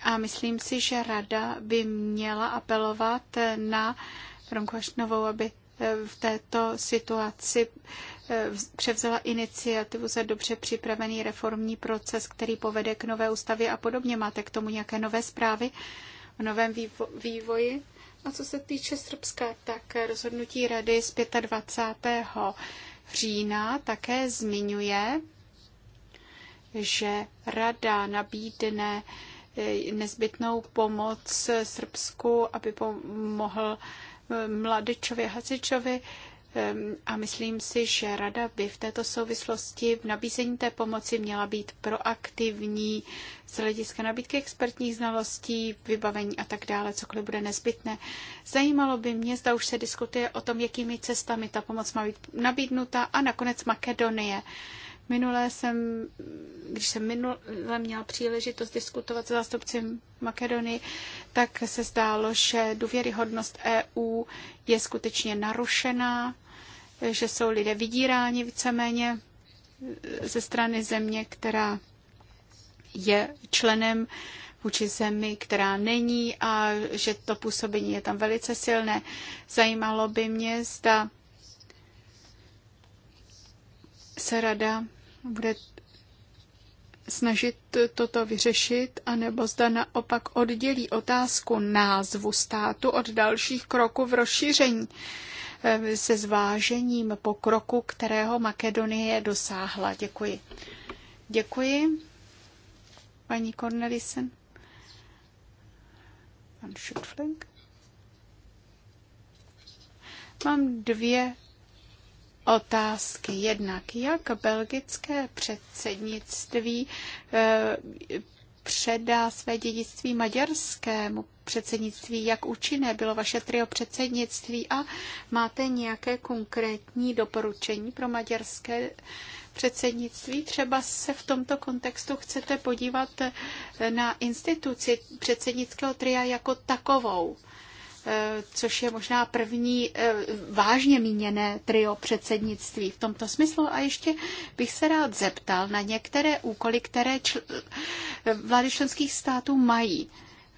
A myslím si, že rada by měla apelovat na Frankošnovou, aby eh, v této situaci eh, převzala iniciativu za dobře připravený reformní proces, který povede k nové ústavě a podobně. Máte k tomu nějaké nové zprávy o novém vývoji? A co se týče Srbska, tak rozhodnutí rady z 25. října také zmiňuje, že rada nabídne Eh, nezbytnou pomoc Srbsku, aby pomohl eh, Mladičovi Hasičovi. A myslím si, že Rada by v této souvislosti v nabízení té pomoci měla být proaktivní z hlediska nabídky expertních znalostí, vybavení a tak dále, cokoliv bude nezbytné. Zajímalo by mě, zda už se diskutuje o tom, jakými cestami ta pomoc má být nabídnuta a nakonec Makedonie. Minulé jsem, když jsem minule měla příležitost diskutovat s zástupci Makedonii, tak se zdálo, že důvěryhodnost EU je skutečně narušená, že jsou lidé vydíráni víceméně ze strany země, která je členem vůči zemi, která není a že to působení je tam velice silné. Zajímalo by mě, zda se rada bude snažit toto vyřešit, anebo zda naopak oddělí otázku názvu státu od dalších kroků v rozšíření eh, se zvážením pokroku, kterého Makedonie dosáhla. Děkuji. Děkuji, paní Cornelisen. Pan Schutfling. Mám dvě otázky. Jednak, jak belgické předsednictví eh, předá své dědictví maďarskému předsednictví, jak účinné bylo vaše trio předsednictví a máte nějaké konkrétní doporučení pro maďarské předsednictví. Třeba se v tomto kontextu chcete podívat eh, na instituci předsednického tria jako takovou. Eh, což je možná první eh, vážně míněné trio předsednictví v tomto smyslu. A ještě bych se rád zeptal na některé úkoly, které čl- eh, vlády členských států mají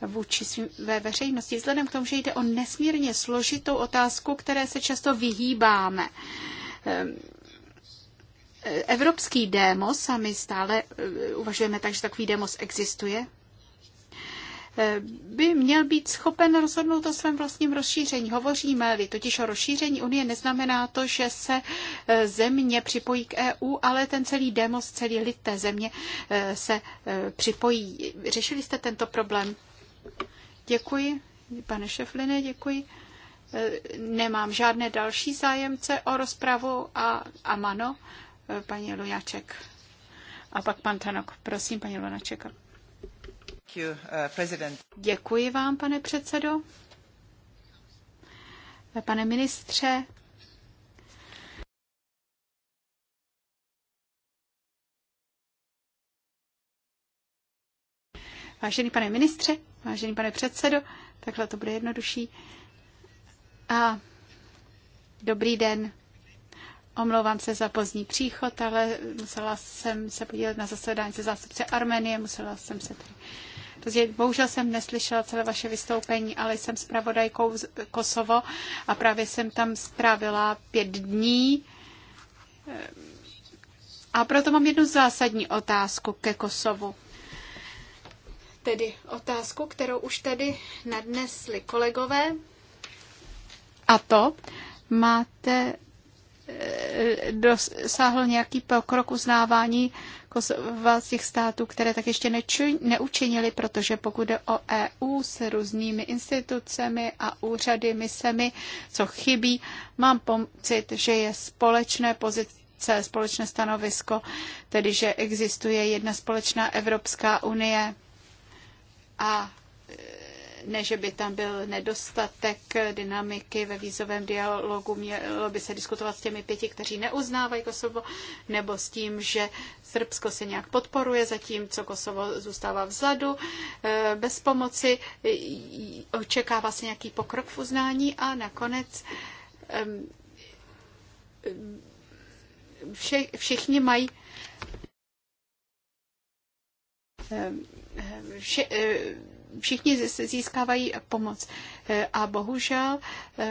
vůči své veřejnosti, vzhledem k tomu, že jde o nesmírně složitou otázku, které se často vyhýbáme. Evropský démos, a my stále uvažujeme tak, že takový démos existuje, Eh, by měl být schopen rozhodnout o svém vlastním rozšíření. Hovoříme-li totiž o rozšíření Unie, neznamená to, že se eh, země připojí k EU, ale ten celý demos, celý lid té země eh, se připojí. Řešili jste tento problém? Děkuji, pane Šefline, děkuji. Nemám žádné další zájemce o rozpravu a a mano, paní Lujaček. A pak pan Tanok. Prosím, paní Lunaček. Uh, Děkuji vám, pane předsedo. Pane ministře, Vážený pane ministře, vážený pane předsedo, takhle to bude jednodušší. A dobrý den. Omlouvám se za pozdní příchod, ale musela jsem se podílet na zasedání se zástupce Armenie, musela jsem se tady Protože Bohužel jsem neslyšela celé vaše vystoupení, ale jsem zpravodajkou z Kosovo a právě jsem tam strávila pět dní. A proto mám jednu zásadní otázku ke Kosovu. Tedy otázku, kterou už tady nadnesli kolegové. A to máte dosáhl nějaký pokrok uznávání Kosova z těch států, které tak ještě neučinili, protože pokud jde o EU s různými institucemi a úřady, misemi, co chybí, mám pocit, že je společné pozice, společné stanovisko, tedy že existuje jedna společná Evropská unie a e, ne, že by tam byl nedostatek dynamiky ve vízovém dialogu, mělo by se diskutovat s těmi pěti, kteří neuznávají Kosovo, nebo s tím, že Srbsko se nějak podporuje, zatímco Kosovo zůstává vzadu, eh, bez pomoci, očekává se nějaký pokrok v uznání a nakonec vše, všichni mají vše, eh, všichni získávají pomoc. Eh, a bohužel eh,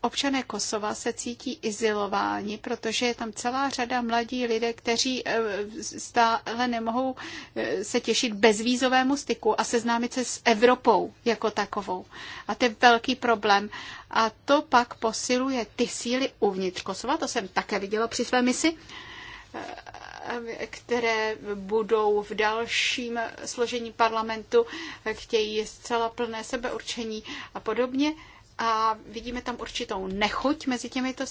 občané Kosova se cítí izilováni, protože je tam celá řada mladí lidé, kteří eh, stále nemohou se těšit bezvízovému styku a seznámit se s Evropou jako takovou. A to je velký problém. A to pak posiluje ty síly uvnitř Kosova, to jsem také viděla při své misi, Eh, které budou v dalším složení parlamentu, eh, chtějí zcela plné sebeurčení a podobně. A vidíme tam určitou nechuť mezi těmito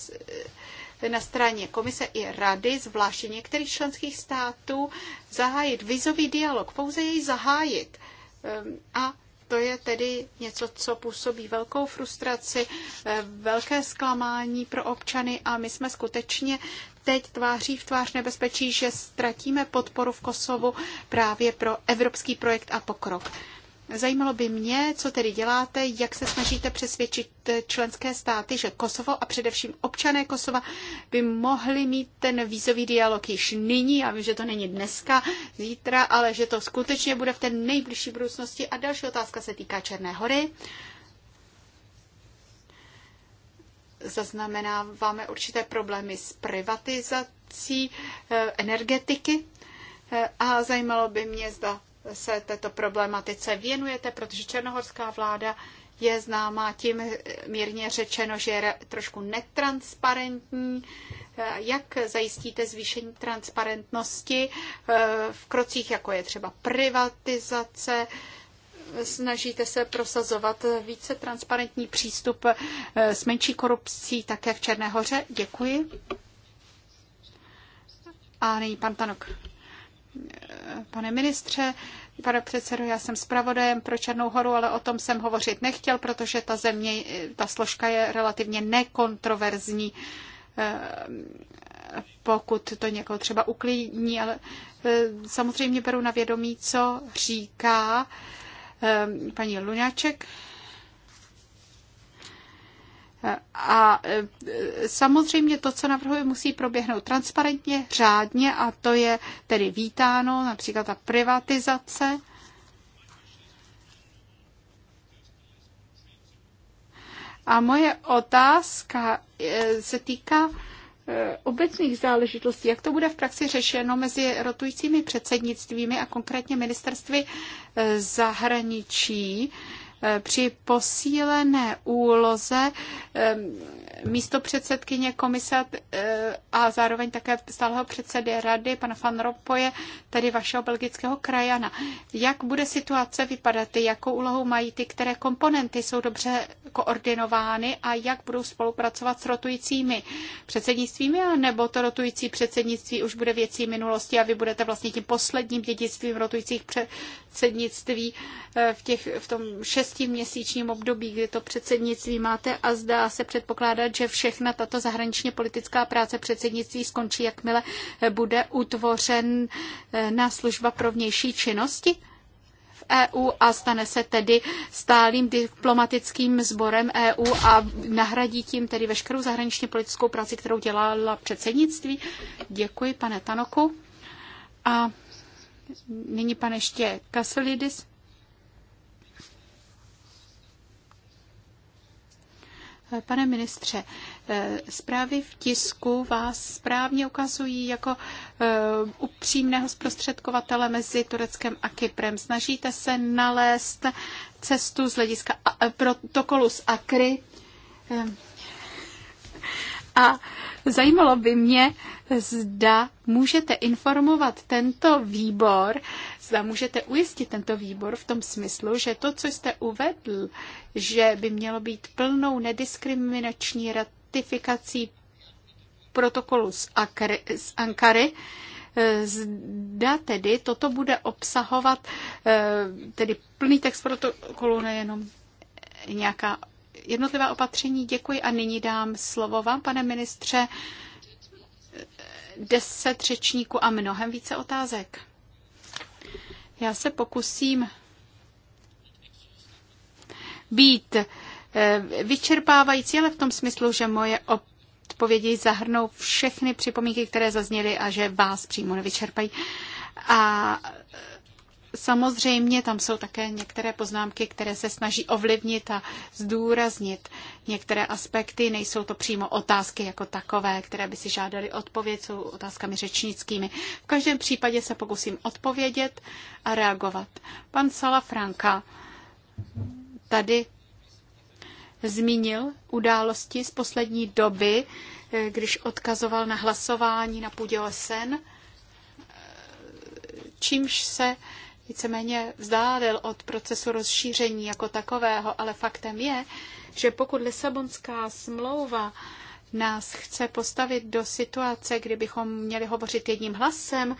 eh, na straně komise i rady, zvláště některých členských států, zahájit vizový dialog, pouze jej zahájit. Ehm, a to je tedy něco, co působí velkou frustraci, eh, velké zklamání pro občany a my jsme skutečně teď tváří v tvář nebezpečí, že ztratíme podporu v Kosovu právě pro evropský projekt a pokrok. Zajímalo by mě, co tedy děláte, jak se snažíte přesvědčit členské státy, že Kosovo a především občané Kosova by mohli mít ten vízový dialog již nyní. Já vím, že to není dneska, zítra, ale že to skutečně bude v té nejbližší budoucnosti. A další otázka se týká Černé hory. Zaznamenáváme určité problémy s privatizací eh, energetiky eh, a zajímalo by mě, zda se této problematice věnujete, protože černohorská vláda je známá tím mírně řečeno, že je trošku netransparentní. Jak zajistíte zvýšení transparentnosti eh, v krocích, jako je třeba privatizace? Snažíte se prosazovat více transparentní přístup eh, s menší korupcí také v Černé hoře? Děkuji. A nyní pan Tanok. Pane ministře, pane předsedo, já jsem zpravodajem pro Černou horu, ale o tom jsem hovořit nechtěl, protože ta země, ta složka je relativně nekontroverzní eh, pokud to někoho třeba uklidní, ale eh, samozřejmě beru na vědomí, co říká eh, paní Luňáček a e, samozřejmě to, co navrhuje, musí proběhnout transparentně, řádně a to je tedy vítáno, například ta privatizace. A moje otázka e, se týká e, obecných záležitostí, jak to bude v praxi řešeno mezi rotujícími předsednictvími a konkrétně ministerství zahraničí. Eh, při posílené úloze eh, místo předsedkyně komise eh, a zároveň také stáleho předsedy rady, pana Van Ropoje, tedy vašeho belgického krajana. Jak bude situace vypadat? Jakou úlohu mají ty, které komponenty jsou dobře koordinovány a jak budou spolupracovat s rotujícími předsednictvími, nebo to rotující předsednictví už bude věcí minulosti a vy budete vlastně tím posledním dědictvím rotujících předsednictví v, těch, v tom šest šestiměsíčním období, kdy to předsednictví máte a zdá se předpokládat, že všechna tato zahraničně politická práce předsednictví skončí, jakmile bude utvořen eh, na služba pro vnější činnosti v EU a stane se tedy stálým diplomatickým sborem EU a nahradí tím tedy veškerou zahraničně politickou práci, kterou dělala předsednictví. Děkuji, pane Tanoku. A nyní pan ještě Kasselidis. Eh, pane ministře, eh, zprávy v tisku vás správně ukazují jako eh, upřímného zprostředkovatele mezi Tureckem a Kyprem. Snažíte se nalézt cestu z hlediska protokolu z Akry. A zajímalo by mě, zda můžete informovat tento výbor, Zda můžete ujistit tento výbor v tom smyslu, že to, co jste uvedl, že by mělo být plnou nediskriminační ratifikací protokolu z, Akary, z Ankary, e, Zda tedy toto bude obsahovat e, tedy plný text protokolu, nejenom nějaká jednotlivá opatření. Děkuji a nyní dám slovo vám, pane ministře. Deset řečníků a mnohem více otázek. Já se pokusím být eh, vyčerpávající, ale v tom smyslu, že moje odpovědi zahrnou všechny připomínky, které zazněly a že vás přímo nevyčerpají. A Samozřejmě tam jsou také některé poznámky, které se snaží ovlivnit a zdůraznit některé aspekty. Nejsou to přímo otázky jako takové, které by si žádaly odpověď, jsou otázkami řečnickými. V každém případě se pokusím odpovědět a reagovat. Pan Sala Franka tady zmínil události z poslední doby, když odkazoval na hlasování na půdě OSN, čímž se víceméně vzdálil od procesu rozšíření jako takového, ale faktem je, že pokud Lisabonská smlouva nás chce postavit do situace, kdybychom měli hovořit jedním hlasem,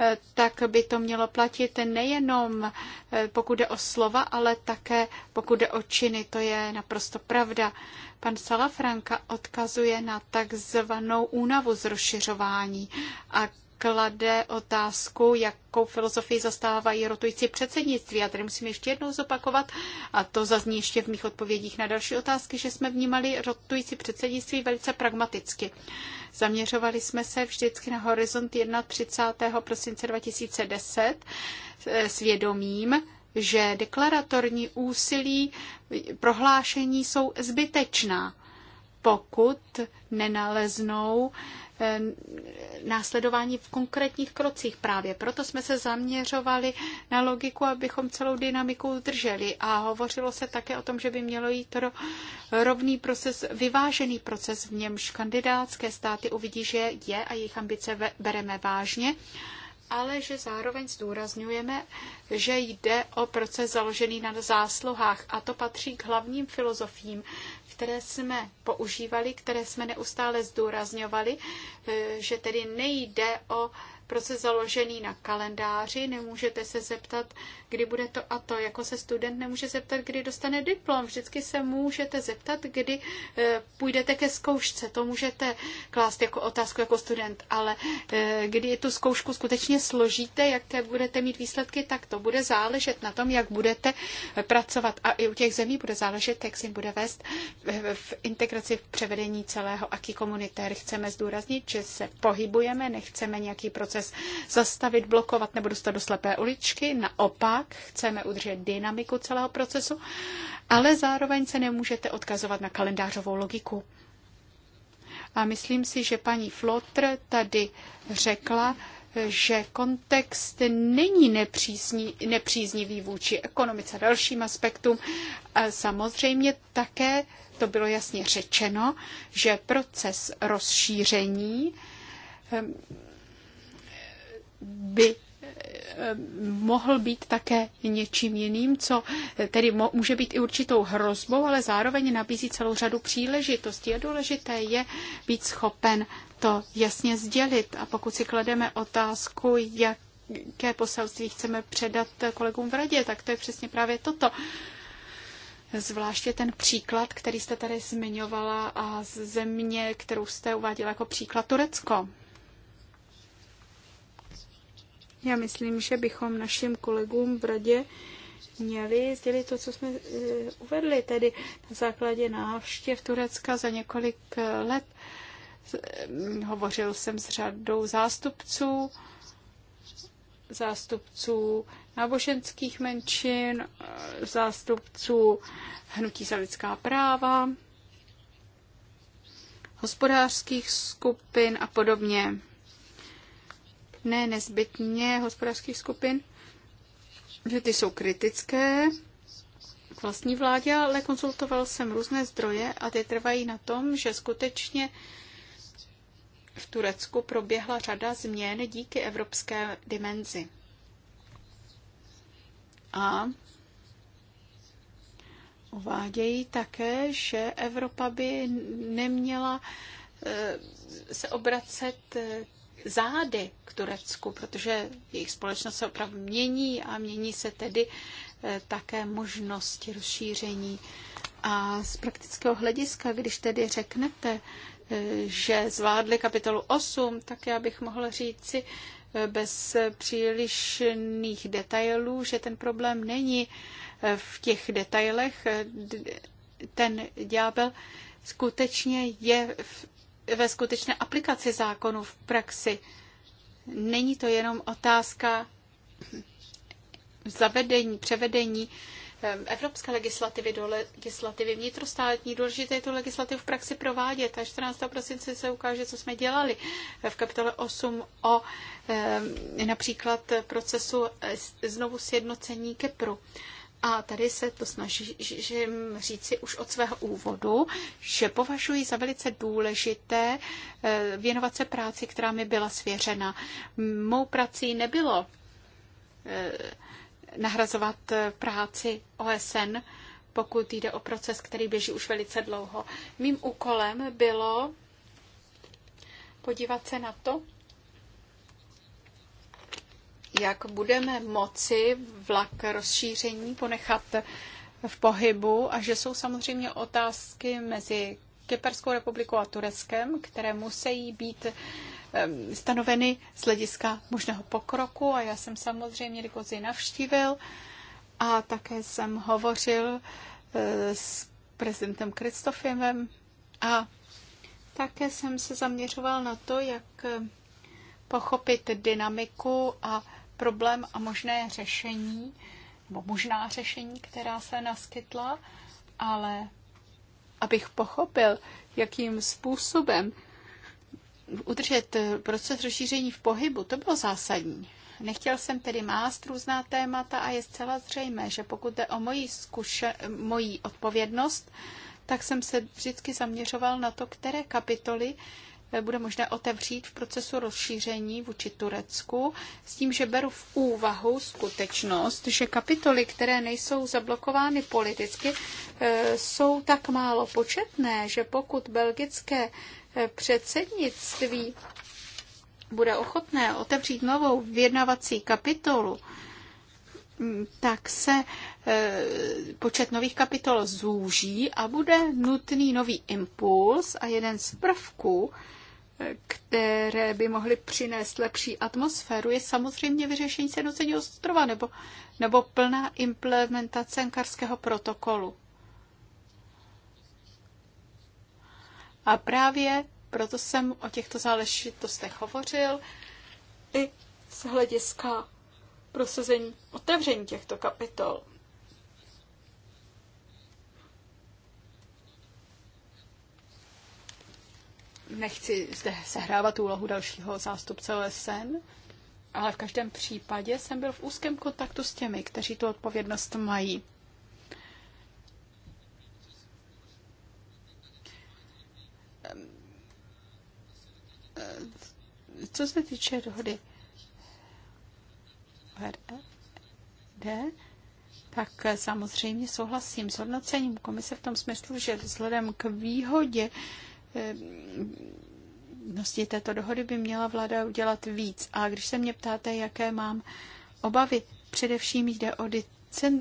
eh, tak by to mělo platit nejenom eh, pokud jde o slova, ale také pokud jde o činy. To je naprosto pravda. Pan Salafranka odkazuje na takzvanou únavu z rozšiřování. A klade otázku, jakou filozofii zastávají rotující předsednictví. A tady musím ještě jednou zopakovat, a to zazní ještě v mých odpovědích na další otázky, že jsme vnímali rotující předsednictví velice pragmaticky. Zaměřovali jsme se vždycky na horizont 31. prosince 2010 e, s vědomím, že deklaratorní úsilí prohlášení jsou zbytečná, pokud nenaleznou Eh, následování v konkrétních krocích. Právě proto jsme se zaměřovali na logiku, abychom celou dynamiku udrželi. A hovořilo se také o tom, že by mělo jít ro, rovný proces, vyvážený proces, v němž kandidátské státy uvidí, že je a jejich ambice bereme vážně ale že zároveň zdůrazňujeme, že jde o proces založený na zásluhách a to patří k hlavním filozofiím které jsme používali, které jsme neustále zdůrazňovali, eh, že tedy nejde o proces založený na kalendáři. Nemůžete se zeptat kdy bude to a to. Jako se student nemůže zeptat, kdy dostane diplom. Vždycky se můžete zeptat, kdy eh, půjdete ke zkoušce. To můžete klást jako otázku jako student, ale eh, kdy tu zkoušku skutečně složíte, jaké budete mít výsledky, tak to bude záležet na tom, jak budete pracovat. A i u těch zemí bude záležet, jak si bude vést eh, v integraci v převedení celého aký komunitér. Chceme zdůraznit, že se pohybujeme, nechceme nějaký proces zastavit, blokovat nebo dostat do slepé uličky. Naopak, tak, chceme udržet dynamiku celého procesu, ale zároveň se nemůžete odkazovat na kalendářovou logiku. A myslím si, že paní Flotr tady řekla, že kontext není nepřízní, nepříznivý vůči ekonomice dalším aspektům. A samozřejmě také to bylo jasně řečeno, že proces rozšíření ehm, by Eh, mohl být také něčím jiným, co tedy může být i určitou hrozbou, ale zároveň nabízí celou řadu příležitostí. A důležité je být schopen to jasně sdělit. A pokud si klademe otázku, jaké poselství chceme předat kolegům v radě, tak to je přesně právě toto. Zvláště ten příklad, který jste tady zmiňovala a země, kterou jste uváděla jako příklad Turecko. Já myslím, že bychom našim kolegům v radě měli sdělit to, co jsme eh, uvedli, tedy na základě návštěv Turecka za několik eh, let. Mm, hovořil jsem s řadou zástupců, zástupců náboženských menšin, eh, zástupců hnutí za lidská práva, hospodářských skupin a podobně ne nezbytně hospodářských skupin, že ty jsou kritické k vlastní vládě, ale konzultoval jsem různé zdroje a ty trvají na tom, že skutečně v Turecku proběhla řada změn díky evropské dimenzi. A uvádějí také, že Evropa by neměla eh, se obracet eh, zády k Turecku, protože jejich společnost se opravdu mění a mění se tedy eh, také možnosti rozšíření. A z praktického hlediska, když tedy řeknete, eh, že zvládli kapitolu 8, tak já bych mohla říci eh, bez přílišných detailů, že ten problém není v těch detailech. Ten ďábel skutečně je ve skutečné aplikaci zákonů v praxi. Není to jenom otázka zavedení, převedení ehm, evropské legislativy do legislativy vnitrostátní. Důležité je tu legislativu v praxi provádět. A 14. prosince se ukáže, co jsme dělali v kapitole 8 o ehm, například procesu znovu sjednocení Kepru. A tady se to snažím říci už od svého úvodu, že považuji za velice důležité eh, věnovat se práci, která mi byla svěřena. Mou prací nebylo eh, nahrazovat eh, práci OSN, pokud jde o proces, který běží už velice dlouho. Mým úkolem bylo podívat se na to, jak budeme moci vlak rozšíření ponechat v pohybu a že jsou samozřejmě otázky mezi Kyperskou republikou a Tureckem, které musí být stanoveny z hlediska možného pokroku a já jsem samozřejmě Rikozy navštívil a také jsem hovořil e, s prezidentem Kristofimem a také jsem se zaměřoval na to, jak e, pochopit dynamiku a problém a možné řešení, nebo možná řešení, která se naskytla, ale abych pochopil, jakým způsobem udržet proces rozšíření v pohybu, to bylo zásadní. Nechtěl jsem tedy mást různá témata a je zcela zřejmé, že pokud jde o moji, zkuše, moji odpovědnost, tak jsem se vždycky zaměřoval na to, které kapitoly bude možné otevřít v procesu rozšíření vůči Turecku s tím, že beru v úvahu skutečnost, že kapitoly, které nejsou zablokovány politicky, e, jsou tak málo početné, že pokud belgické e, předsednictví bude ochotné otevřít novou vyjednavací kapitolu, tak se e, počet nových kapitol zúží a bude nutný nový impuls a jeden z prvků, které by mohly přinést lepší atmosféru, je samozřejmě vyřešení sjednocení ostrova nebo, nebo plná implementace ankarského protokolu. A právě proto jsem o těchto záležitostech hovořil i z hlediska prosazení otevření těchto kapitol. Nechci zde sehrávat úlohu dalšího zástupce OSN, ale v každém případě jsem byl v úzkém kontaktu s těmi, kteří tu odpovědnost mají. Co se týče dohody RD, tak samozřejmě souhlasím s hodnocením komise v tom smyslu, že vzhledem k výhodě nutnosti této dohody by měla vláda udělat víc. A když se mě ptáte, jaké mám obavy, především jde o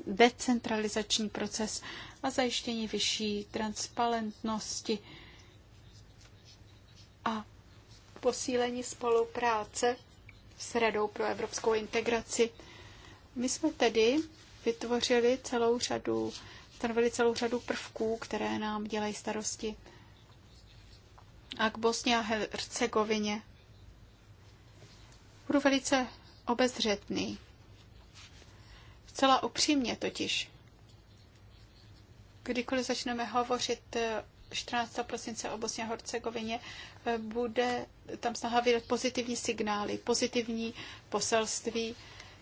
decentralizační proces a zajištění vyšší transparentnosti a posílení spolupráce s Radou pro evropskou integraci. My jsme tedy vytvořili celou řadu, stanovili celou řadu prvků, které nám dělají starosti a k Bosně a Hercegovině. Budu velice obezřetný. Zcela upřímně totiž. Kdykoliv začneme hovořit 14. Eh, prosince o Bosně a Hercegovině, eh, bude tam snaha vydat pozitivní signály, pozitivní poselství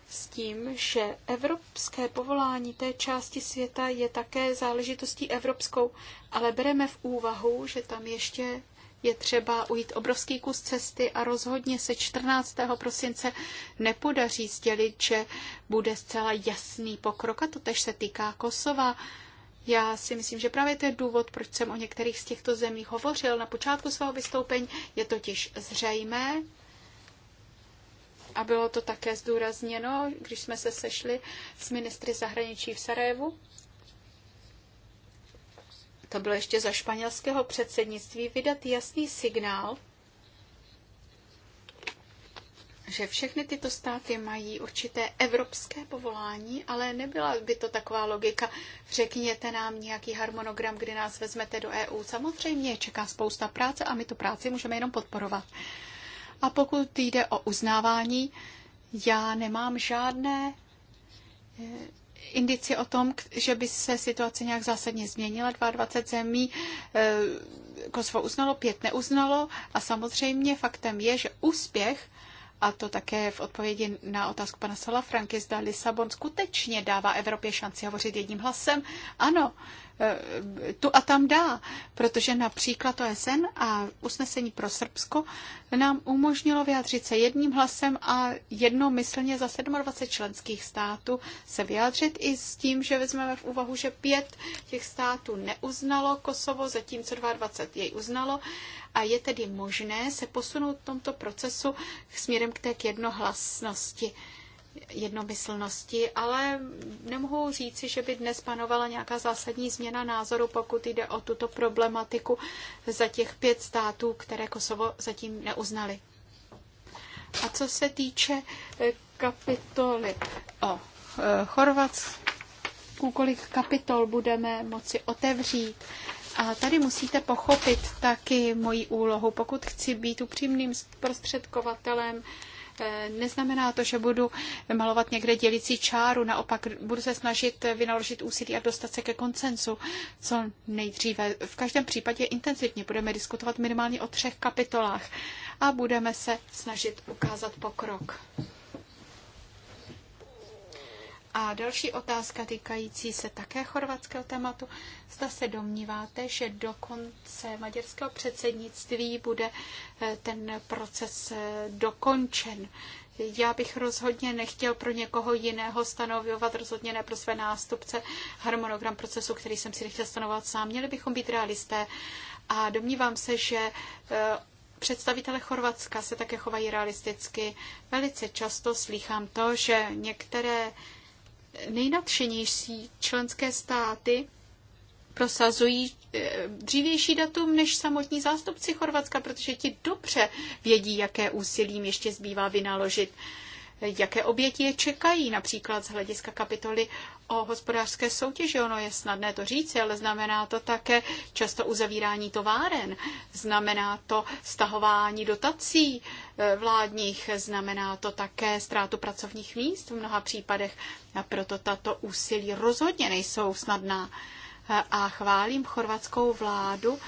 s tím, že evropské povolání té části světa je také záležitostí evropskou, ale bereme v úvahu, že tam ještě je třeba ujít obrovský kus cesty a rozhodně se 14. prosince nepodaří sdělit, že bude zcela jasný pokrok a to tež se týká Kosova. Já si myslím, že právě to je důvod, proč jsem o některých z těchto zemí hovořil na počátku svého vystoupení. Je totiž zřejmé, a bylo to také zdůrazněno, když jsme se sešli s ministry zahraničí v Sarajevu, to bylo ještě za španělského předsednictví, vydat jasný signál, že všechny tyto státy mají určité evropské povolání, ale nebyla by to taková logika, řekněte nám nějaký harmonogram, kdy nás vezmete do EU. Samozřejmě čeká spousta práce a my tu práci můžeme jenom podporovat. A pokud jde o uznávání, já nemám žádné eh, indici o tom, že by se situace nějak zásadně změnila. 22 zemí eh, Kosovo uznalo, pět neuznalo a samozřejmě faktem je, že úspěch a to také v odpovědi na otázku pana Sola Franky, zda Lisabon skutečně dává Evropě šanci hovořit jedním hlasem. Ano, Eh, tu a tam dá, protože například OSN a usnesení pro Srbsko nám umožnilo vyjádřit se jedním hlasem a jednomyslně za 27 členských států se vyjádřit i s tím, že vezmeme v úvahu, že pět těch států neuznalo Kosovo, zatímco 22 jej uznalo a je tedy možné se posunout v tomto procesu směrem k té jednohlasnosti jednomyslnosti, ale nemohu říci, že by dnes panovala nějaká zásadní změna názoru, pokud jde o tuto problematiku za těch pět států, které Kosovo zatím neuznali. A co se týče eh, kapitoly o eh, Chorvatsku, kolik kapitol budeme moci otevřít, a tady musíte pochopit taky moji úlohu. Pokud chci být upřímným prostředkovatelem, E, neznamená to, že budu malovat někde dělicí čáru, naopak budu se snažit vynaložit úsilí a dostat se ke koncensu co nejdříve. V každém případě intenzivně budeme diskutovat minimálně o třech kapitolách a budeme se snažit ukázat pokrok. A další otázka týkající se také chorvatského tématu. Zda se domníváte, že do konce maďarského předsednictví bude eh, ten proces eh, dokončen. Já bych rozhodně nechtěl pro někoho jiného stanovovat, rozhodně ne pro své nástupce, harmonogram procesu, který jsem si nechtěl stanovovat sám. Měli bychom být realisté a domnívám se, že eh, Představitele Chorvatska se také chovají realisticky. Velice často slýchám to, že některé nejnadšenější členské státy prosazují eh, dřívější datum než samotní zástupci Chorvatska, protože ti dobře vědí, jaké úsilí ještě zbývá vynaložit jaké oběti je čekají, například z hlediska kapitoly o hospodářské soutěži. Ono je snadné to říci, ale znamená to také často uzavírání továren, znamená to stahování dotací eh, vládních, znamená to také ztrátu pracovních míst v mnoha případech. A proto tato úsilí rozhodně nejsou snadná. Eh, a chválím chorvatskou vládu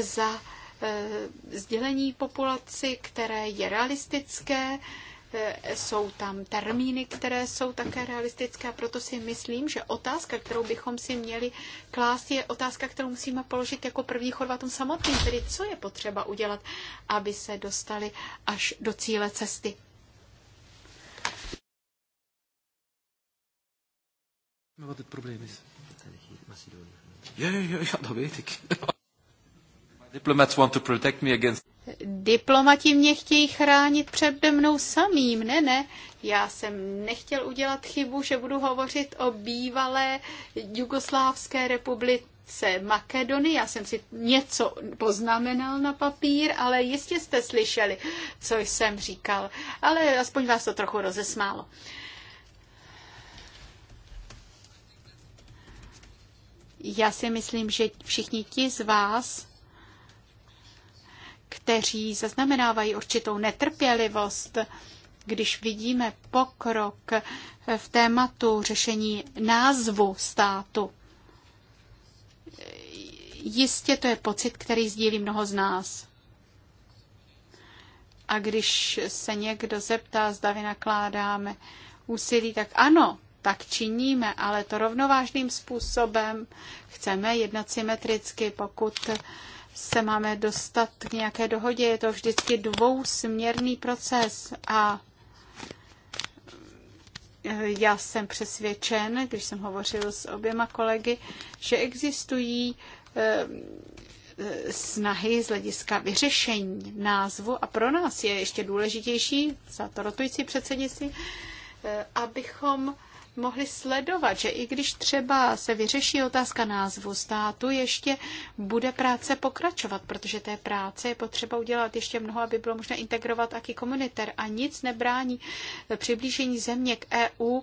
za eh, sdělení populaci, které je realistické, Eh, jsou tam termíny, které jsou také realistické a proto si myslím, že otázka, kterou bychom si měli klást, je otázka, kterou musíme položit jako první Chorvatům samotným, tedy co je potřeba udělat, aby se dostali až do cíle cesty. No, Diplomats want to protect me against... Diplomati mě chtějí chránit přede mnou samým. Ne, ne, já jsem nechtěl udělat chybu, že budu hovořit o bývalé Jugoslávské republice se Makedony. Já jsem si něco poznamenal na papír, ale jistě jste slyšeli, co jsem říkal. Ale aspoň vás to trochu rozesmálo. Já si myslím, že všichni ti z vás, kteří zaznamenávají určitou netrpělivost, když vidíme pokrok v tématu řešení názvu státu. Jistě to je pocit, který sdílí mnoho z nás. A když se někdo zeptá, zda vynakládáme úsilí, tak ano, tak činíme, ale to rovnovážným způsobem chceme jednat symetricky, pokud se máme dostat k nějaké dohodě. Je to vždycky dvousměrný proces a e, já jsem přesvědčen, když jsem hovořil s oběma kolegy, že existují e, e, snahy z hlediska vyřešení názvu a pro nás je ještě důležitější za to rotující předsednici, abychom mohli sledovat, že i když třeba se vyřeší otázka názvu státu, ještě bude práce pokračovat, protože té práce je potřeba udělat ještě mnoho, aby bylo možné integrovat aký komunitér a nic nebrání přiblížení země k EU,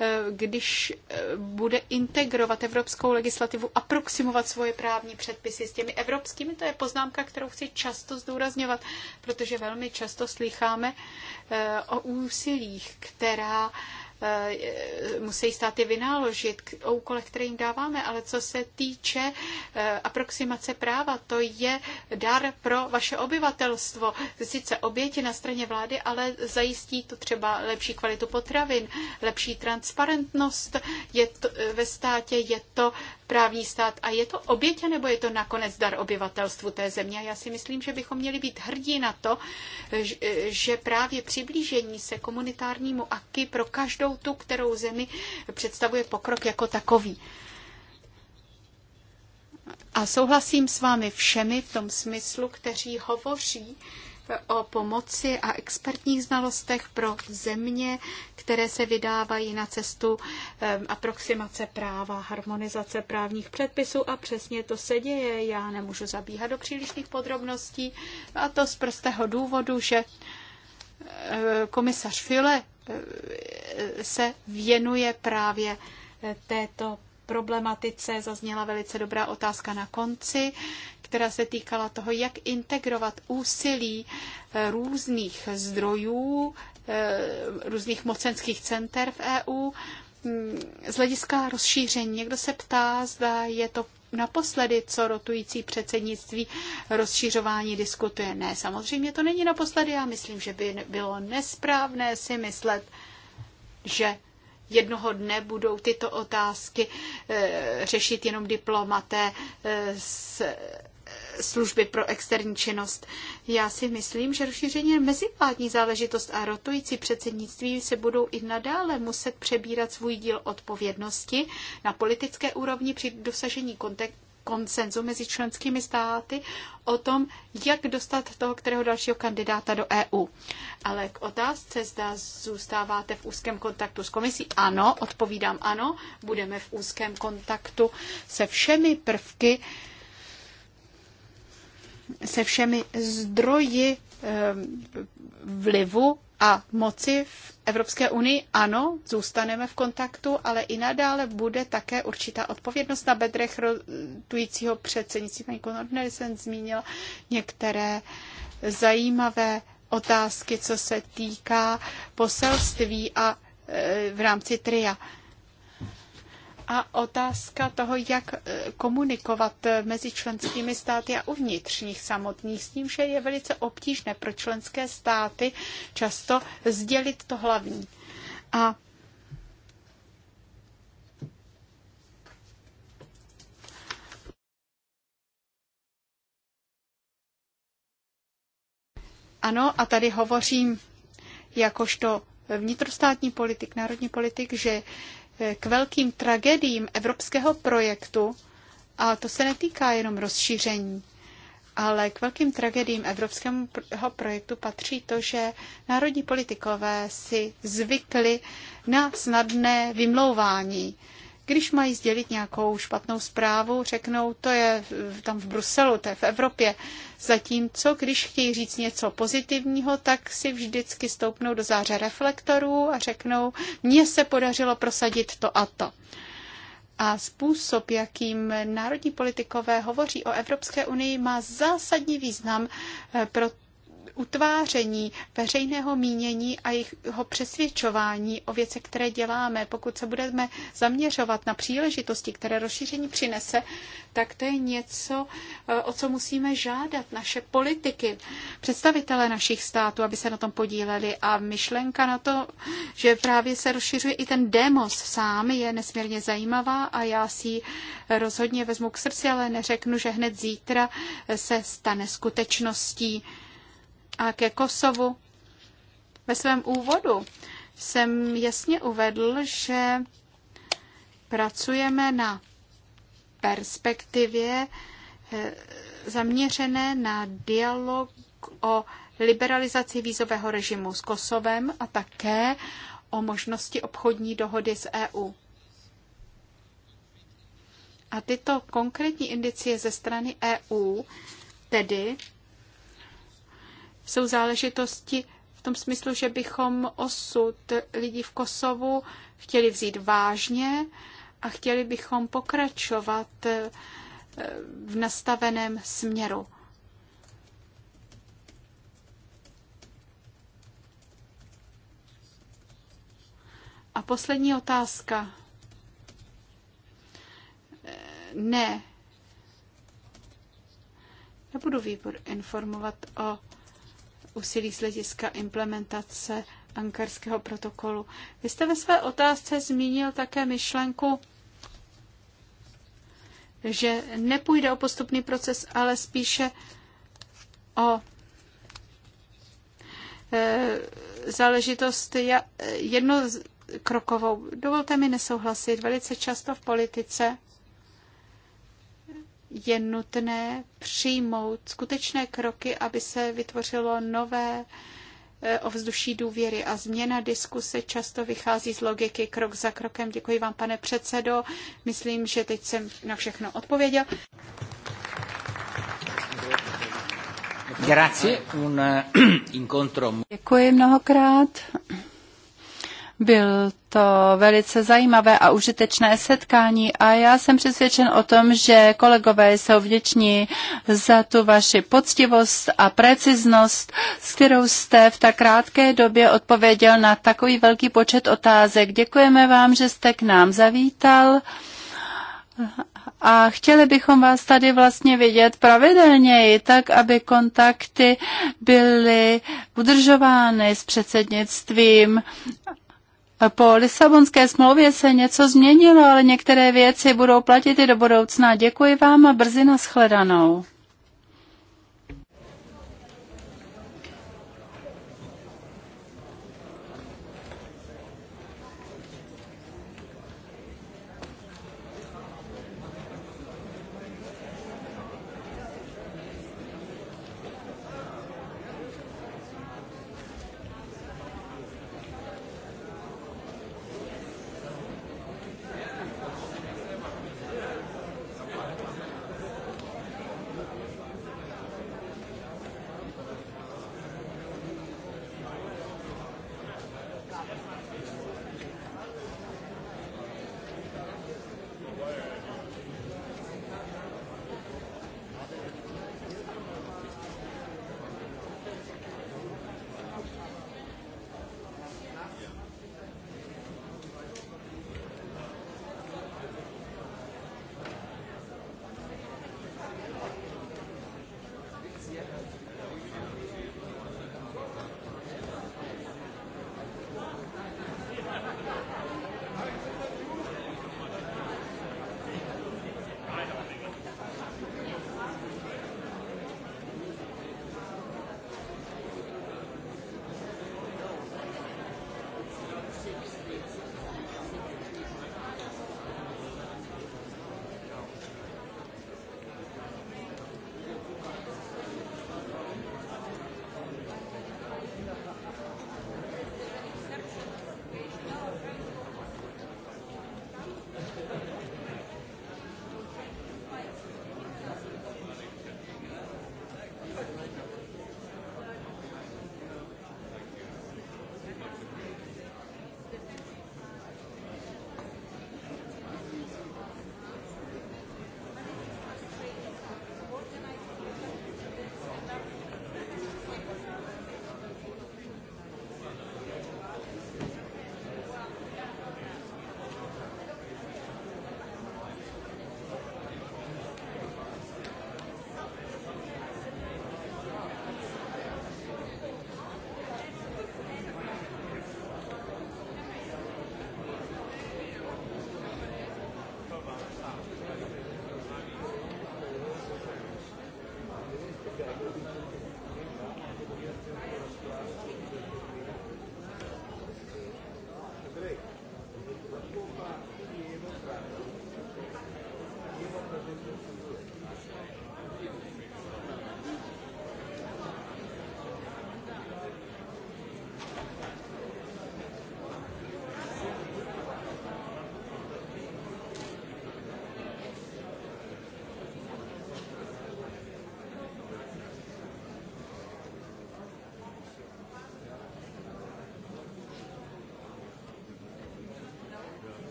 eh, když eh, bude integrovat evropskou legislativu, aproximovat svoje právní předpisy s těmi evropskými. To je poznámka, kterou chci často zdůrazňovat, protože velmi často slycháme eh, o úsilích, která Eh, musí státy vynáložit k úkole, které jim dáváme, ale co se týče eh, aproximace práva, to je dar pro vaše obyvatelstvo. Sice oběti na straně vlády, ale zajistí to třeba lepší kvalitu potravin, lepší transparentnost je to, eh, ve státě, je to právní stát a je to oběť, nebo je to nakonec dar obyvatelstvu té země. A já si myslím, že bychom měli být hrdí na to, že právě přiblížení se komunitárnímu aky pro každou tu, kterou zemi představuje pokrok jako takový. A souhlasím s vámi všemi v tom smyslu, kteří hovoří o pomoci a expertních znalostech pro země, které se vydávají na cestu aproximace práva, harmonizace právních předpisů a přesně to se děje. Já nemůžu zabíhat do přílišných podrobností a to z prostého důvodu, že eh, komisař File eh, se věnuje právě eh, této problematice. Zazněla velice dobrá otázka na konci která se týkala toho, jak integrovat úsilí eh, různých zdrojů, eh, různých mocenských center v EU mm, z hlediska rozšíření. Někdo se ptá, zda je to naposledy, co rotující předsednictví rozšířování diskutuje. Ne, samozřejmě to není naposledy. Já myslím, že by bylo nesprávné si myslet, že jednoho dne budou tyto otázky eh, řešit jenom diplomaté s služby pro externí činnost. Já si myslím, že rozšíření je mezivládní záležitost a rotující předsednictví se budou i nadále muset přebírat svůj díl odpovědnosti na politické úrovni při dosažení kontek- konsenzu mezi členskými státy o tom, jak dostat toho, kterého dalšího kandidáta do EU. Ale k otázce, zda zůstáváte v úzkém kontaktu s komisí, ano, odpovídám ano, budeme v úzkém kontaktu se všemi prvky, se všemi zdroji ehm, vlivu a moci v Evropské unii, ano, zůstaneme v kontaktu, ale i nadále bude také určitá odpovědnost na bedrech rotujícího předsednictví. Paní Konordner jsem zmínila některé zajímavé otázky, co se týká poselství a eh, v rámci TRIA a otázka toho, jak eh, komunikovat eh, mezi členskými státy a uvnitř nich samotných, s tím, že je velice obtížné pro členské státy často sdělit to hlavní. A Ano, a tady hovořím jakožto vnitrostátní politik, národní politik, že k velkým tragédiím evropského projektu, a to se netýká jenom rozšíření, ale k velkým tragédiím evropského projektu patří to, že národní politikové si zvykli na snadné vymlouvání. Když mají sdělit nějakou špatnou zprávu, řeknou, to je eh, tam v Bruselu, to je v Evropě. Zatímco, když chtějí říct něco pozitivního, tak si vždycky stoupnou do záře reflektorů a řeknou, mně se podařilo prosadit to a to. A způsob, jakým národní politikové hovoří o Evropské unii, má zásadní význam eh, pro utváření veřejného mínění a jeho přesvědčování o věcech, které děláme. Pokud se budeme zaměřovat na příležitosti, které rozšíření přinese, tak to je něco, eh, o co musíme žádat naše politiky, představitele našich států, aby se na tom podíleli. A myšlenka na to, že právě se rozšiřuje i ten demos sám, je nesmírně zajímavá a já si rozhodně vezmu k srdci, ale neřeknu, že hned zítra se stane skutečností. A ke Kosovu. Ve svém úvodu jsem jasně uvedl, že pracujeme na perspektivě eh, zaměřené na dialog o liberalizaci vízového režimu s Kosovem a také o možnosti obchodní dohody s EU. A tyto konkrétní indicie ze strany EU tedy jsou záležitosti v tom smyslu, že bychom osud lidí v Kosovu chtěli vzít vážně a chtěli bychom pokračovat eh, v nastaveném směru. A poslední otázka. Eh, ne. Já budu výbor informovat o úsilí z hlediska implementace ankarského protokolu. Vy jste ve své otázce zmínil také myšlenku, že nepůjde o postupný proces, ale spíše o e, záležitost jednokrokovou. Dovolte mi nesouhlasit. Velice často v politice je nutné přijmout skutečné kroky, aby se vytvořilo nové eh, ovzduší důvěry a změna diskuse často vychází z logiky krok za krokem. Děkuji vám, pane předsedo. Myslím, že teď jsem na všechno odpověděl. Eh, Děkuji mnohokrát. Byl to velice zajímavé a užitečné setkání a já jsem přesvědčen o tom, že kolegové jsou vděční za tu vaši poctivost a preciznost, s kterou jste v tak krátké době odpověděl na takový velký počet otázek. Děkujeme vám, že jste k nám zavítal. A chtěli bychom vás tady vlastně vidět pravidelněji, tak aby kontakty byly udržovány s předsednictvím po Lisabonské smlouvě se něco změnilo, ale některé věci budou platit i do budoucna. Děkuji vám a brzy nashledanou.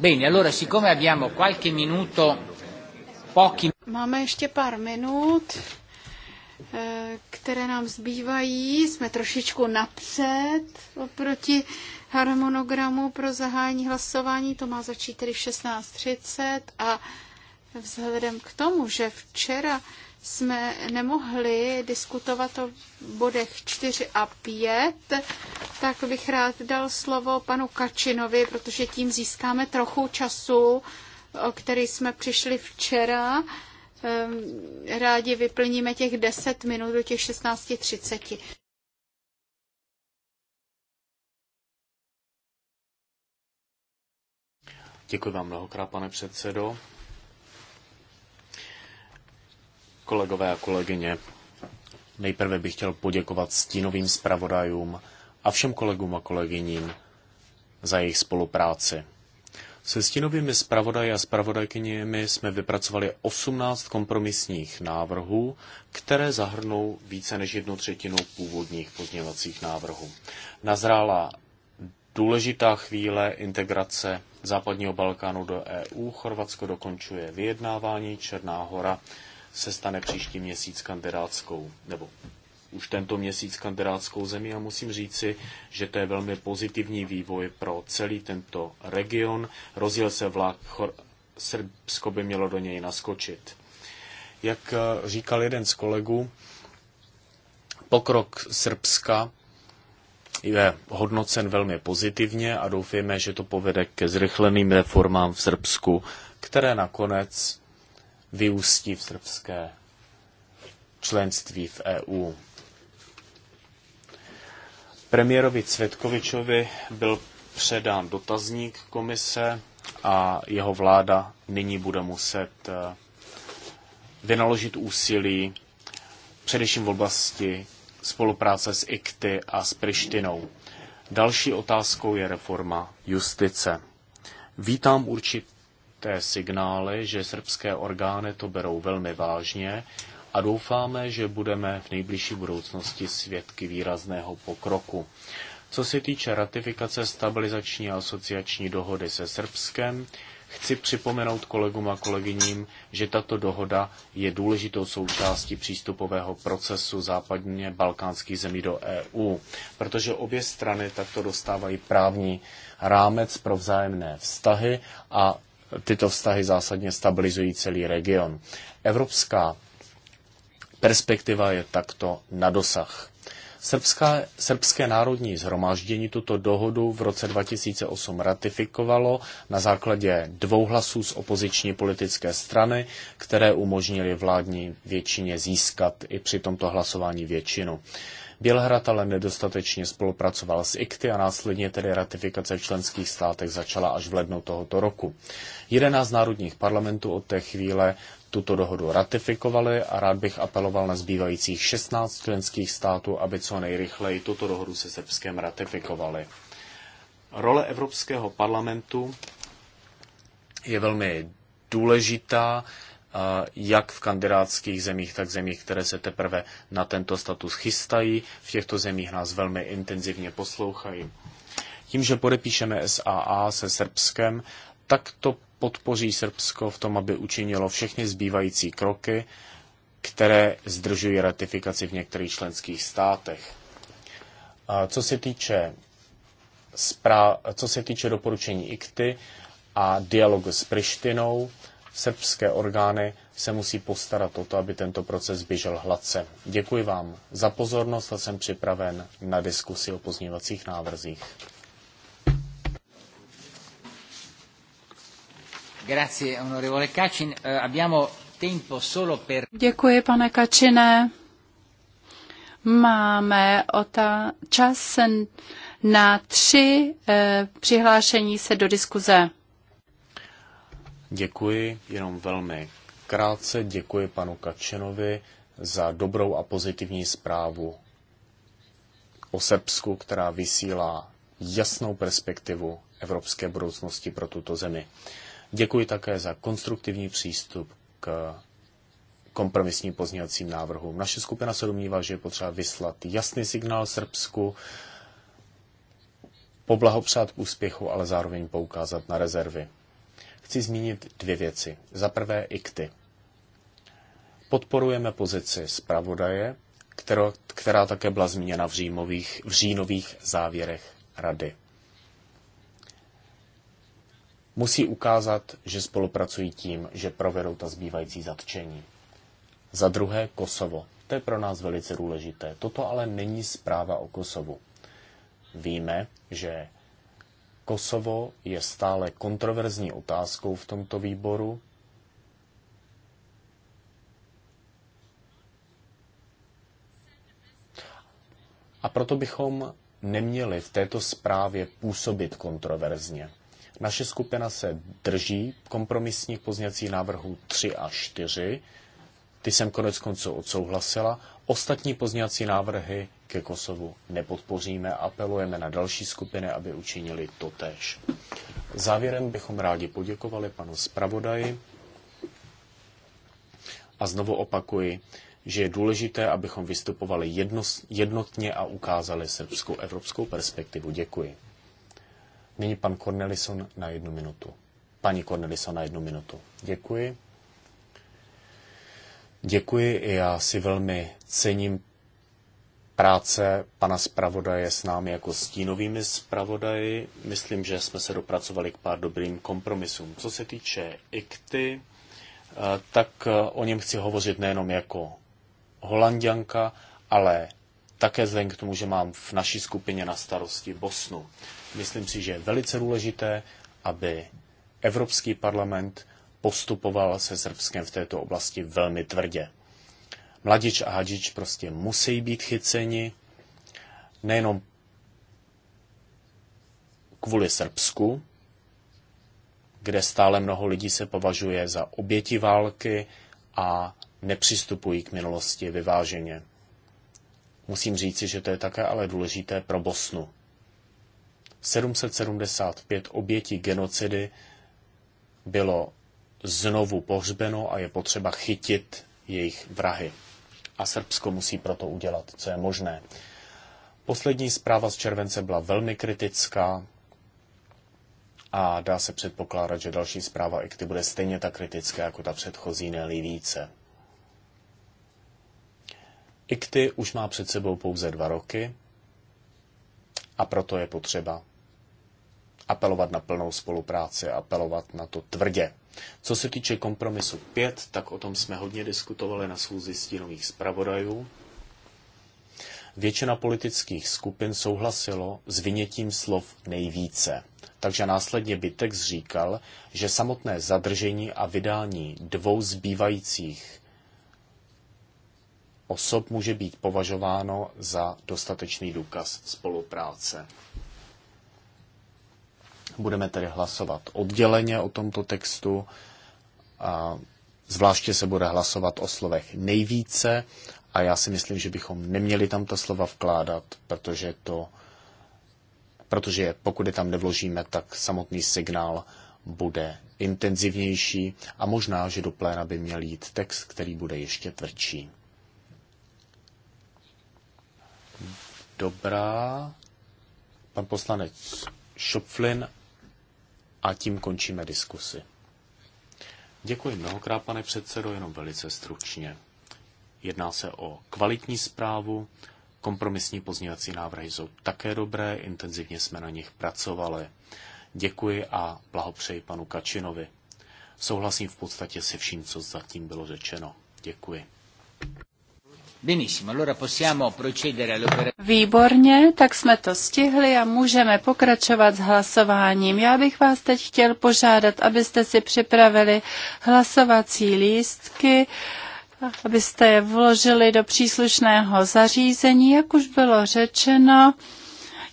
Bene, allora siccome abbiamo qualche minuto, pochi... Máme ještě pár minut, eh, které nám zbývají. Jsme trošičku napřed oproti harmonogramu pro zahájení hlasování. To má začít tedy v 16.30 a vzhledem k tomu, že včera jsme nemohli diskutovat o bodech 4 a 5, tak bych rád dal slovo panu Kačinovi, protože tím získáme trochu času, o který jsme přišli včera. Ehm, rádi vyplníme těch 10 minut do těch 16.30. Děkuji vám mnohokrát, pane předsedo. Kolegové a kolegyně, nejprve bych chtěl poděkovat stínovým zpravodajům a všem kolegům a kolegyním za jejich spolupráci. Se stínovými zpravodaji a zpravodajkyněmi jsme vypracovali 18 kompromisních návrhů, které zahrnou více než jednu třetinu původních pozměňovacích návrhů. Nazrála důležitá chvíle integrace západního Balkánu do EU. Chorvatsko dokončuje vyjednávání, Černá hora se stane příští měsíc kandidátskou, nebo už tento měsíc kandidátskou zemí a musím říci, že to je velmi pozitivní vývoj pro celý tento region. Rozjel se vlak, Srbsko by mělo do něj naskočit. Jak eh, říkal jeden z kolegů, pokrok Srbska je hodnocen velmi pozitivně a doufejme, že to povede ke zrychleným reformám v Srbsku, které nakonec vyústí v srbské členství v EU. Premiérovi Cvetkovičovi byl předán dotazník komise a jeho vláda nyní bude muset eh, vynaložit úsilí především v oblasti spolupráce s IKTY a s Prištinou. Další otázkou je reforma justice. Vítám určitě té signály, že srbské orgány to berou velmi vážně a doufáme, že budeme v nejbližší budoucnosti svědky výrazného pokroku. Co se týče ratifikace stabilizační a asociační dohody se Srbskem, chci připomenout kolegům a kolegyním, že tato dohoda je důležitou součástí přístupového procesu západně balkánských zemí do EU, protože obě strany takto dostávají právní rámec pro vzájemné vztahy a tyto vztahy zásadně stabilizují celý region. Evropská perspektiva je takto na dosah. Srbská, Srbské národní zhromáždění tuto dohodu v roce 2008 ratifikovalo na základě dvou hlasů z opoziční politické strany, které umožnili vládní většině získat i při tomto hlasování většinu. Bělhrad ale nedostatečně spolupracoval s ICTY a následně tedy ratifikace v členských státech začala až v lednu tohoto roku. 11 národních parlamentů od té chvíle tuto dohodu ratifikovali a rád bych apeloval na zbývajících 16 členských států, aby co nejrychleji tuto dohodu se Srbskem ratifikovali. Role Evropského parlamentu je velmi důležitá jak v kandidátských zemích, tak zemích, které se teprve na tento status chystají. V těchto zemích nás velmi intenzivně poslouchají. Tím, že podepíšeme SAA se Srbskem, tak to podpoří Srbsko v tom, aby učinilo všechny zbývající kroky, které zdržují ratifikaci v některých členských státech. A co se týče, zpráv, co se týče doporučení IKTY a dialogu s Prištinou, srbské orgány se musí postarat o to, aby tento proces běžel hladce. Děkuji vám za pozornost a jsem připraven na diskusi o pozměňovacích návrzích. Grazie, onorevole Kacin. Eh, abbiamo tempo solo per... Děkuji, pane Kacine. Máme ota čas na tři eh, přihlášení se do diskuze. Děkuji jenom velmi krátce. Děkuji panu Kačenovi za dobrou a pozitivní zprávu o Srbsku, která vysílá jasnou perspektivu evropské budoucnosti pro tuto zemi. Děkuji také za konstruktivní přístup k kompromisním pozněvacím návrhům. Naše skupina se domnívá, že je potřeba vyslat jasný signál Srbsku, poblahopřát k úspěchu, ale zároveň poukázat na rezervy chci zmínit dvě věci. Za prvé ikty Podporujeme pozici zpravodaje, která, která také byla zmíněna v, římových, v říjnových závěrech rady. Musí ukázat, že spolupracují tím, že provedou ta zbývající zatčení. Za druhé Kosovo. To je pro nás velice důležité. Toto ale není zpráva o Kosovu. Víme, že Kosovo je stále kontroverzní otázkou v tomto výboru. A proto bychom neměli v této zprávě působit kontroverzně. Naše skupina se drží kompromisních pozněcích návrhů 3 a 4, ty jsem konec konců odsouhlasila. Ostatní pozněvací návrhy ke Kosovu nepodpoříme. a Apelujeme na další skupiny, aby učinili tež. Závěrem bychom rádi poděkovali panu zpravodaji a znovu opakuji, že je důležité, abychom vystupovali jedno, jednotně a ukázali srbskou evropskou perspektivu. Děkuji. Nyní pan Cornelison na jednu minutu. Paní Cornelison na jednu minutu. Děkuji. Děkuji, já si velmi cením práce pana zpravodaje s námi jako stínovými zpravodaji. Myslím, že jsme se dopracovali k pár dobrým kompromisům. Co se týče IKTY, eh, tak eh, o něm chci hovořit nejenom jako holanděnka, ale také vzhledem k tomu, že mám v naší skupině na starosti Bosnu. Myslím si, že je velice důležité, aby Evropský parlament postupoval se Srbskem v této oblasti velmi tvrdě. Mladič a Hadžič prostě musí být chyceni, nejenom kvůli Srbsku, kde stále mnoho lidí se považuje za oběti války a nepřistupují k minulosti vyváženě. Musím říci, že to je také ale důležité pro Bosnu. 775 obětí genocidy bylo znovu pohřbeno a je potřeba chytit jejich vrahy. A Srbsko musí proto udělat, co je možné. Poslední zpráva z července byla velmi kritická a dá se předpokládat, že další zpráva IKTY bude stejně tak kritická jako ta předchozí, ne více. IKTY už má před sebou pouze dva roky a proto je potřeba apelovat na plnou spolupráci, apelovat na to tvrdě. Co se týče kompromisu 5, tak o tom jsme hodně diskutovali na schůzi stínových zpravodajů. Většina politických skupin souhlasilo s vynětím slov nejvíce. Takže následně Bytek říkal, že samotné zadržení a vydání dvou zbývajících osob může být považováno za dostatečný důkaz spolupráce. Budeme tedy hlasovat odděleně o tomto textu. A zvláště se bude hlasovat o slovech nejvíce a já si myslím, že bychom neměli tam ta slova vkládat, protože to protože pokud je tam nevložíme, tak samotný signál bude intenzivnější a možná, že do pléna by měl jít text, který bude ještě tvrdší. Dobrá. Pan poslanec Šopflin a tím končíme diskusi. Děkuji mnohokrát, pane předsedo, jenom velice stručně. Jedná se o kvalitní zprávu, kompromisní pozměňovací návrhy jsou také dobré, intenzivně jsme na nich pracovali. Děkuji a blahopřeji panu Kačinovi. Souhlasím v podstatě se vším, co zatím bylo řečeno. Děkuji. Výborně, tak jsme to stihli a můžeme pokračovat s hlasováním. Já bych vás teď chtěl požádat, abyste si připravili hlasovací lístky, abyste je vložili do příslušného zařízení, jak už bylo řečeno.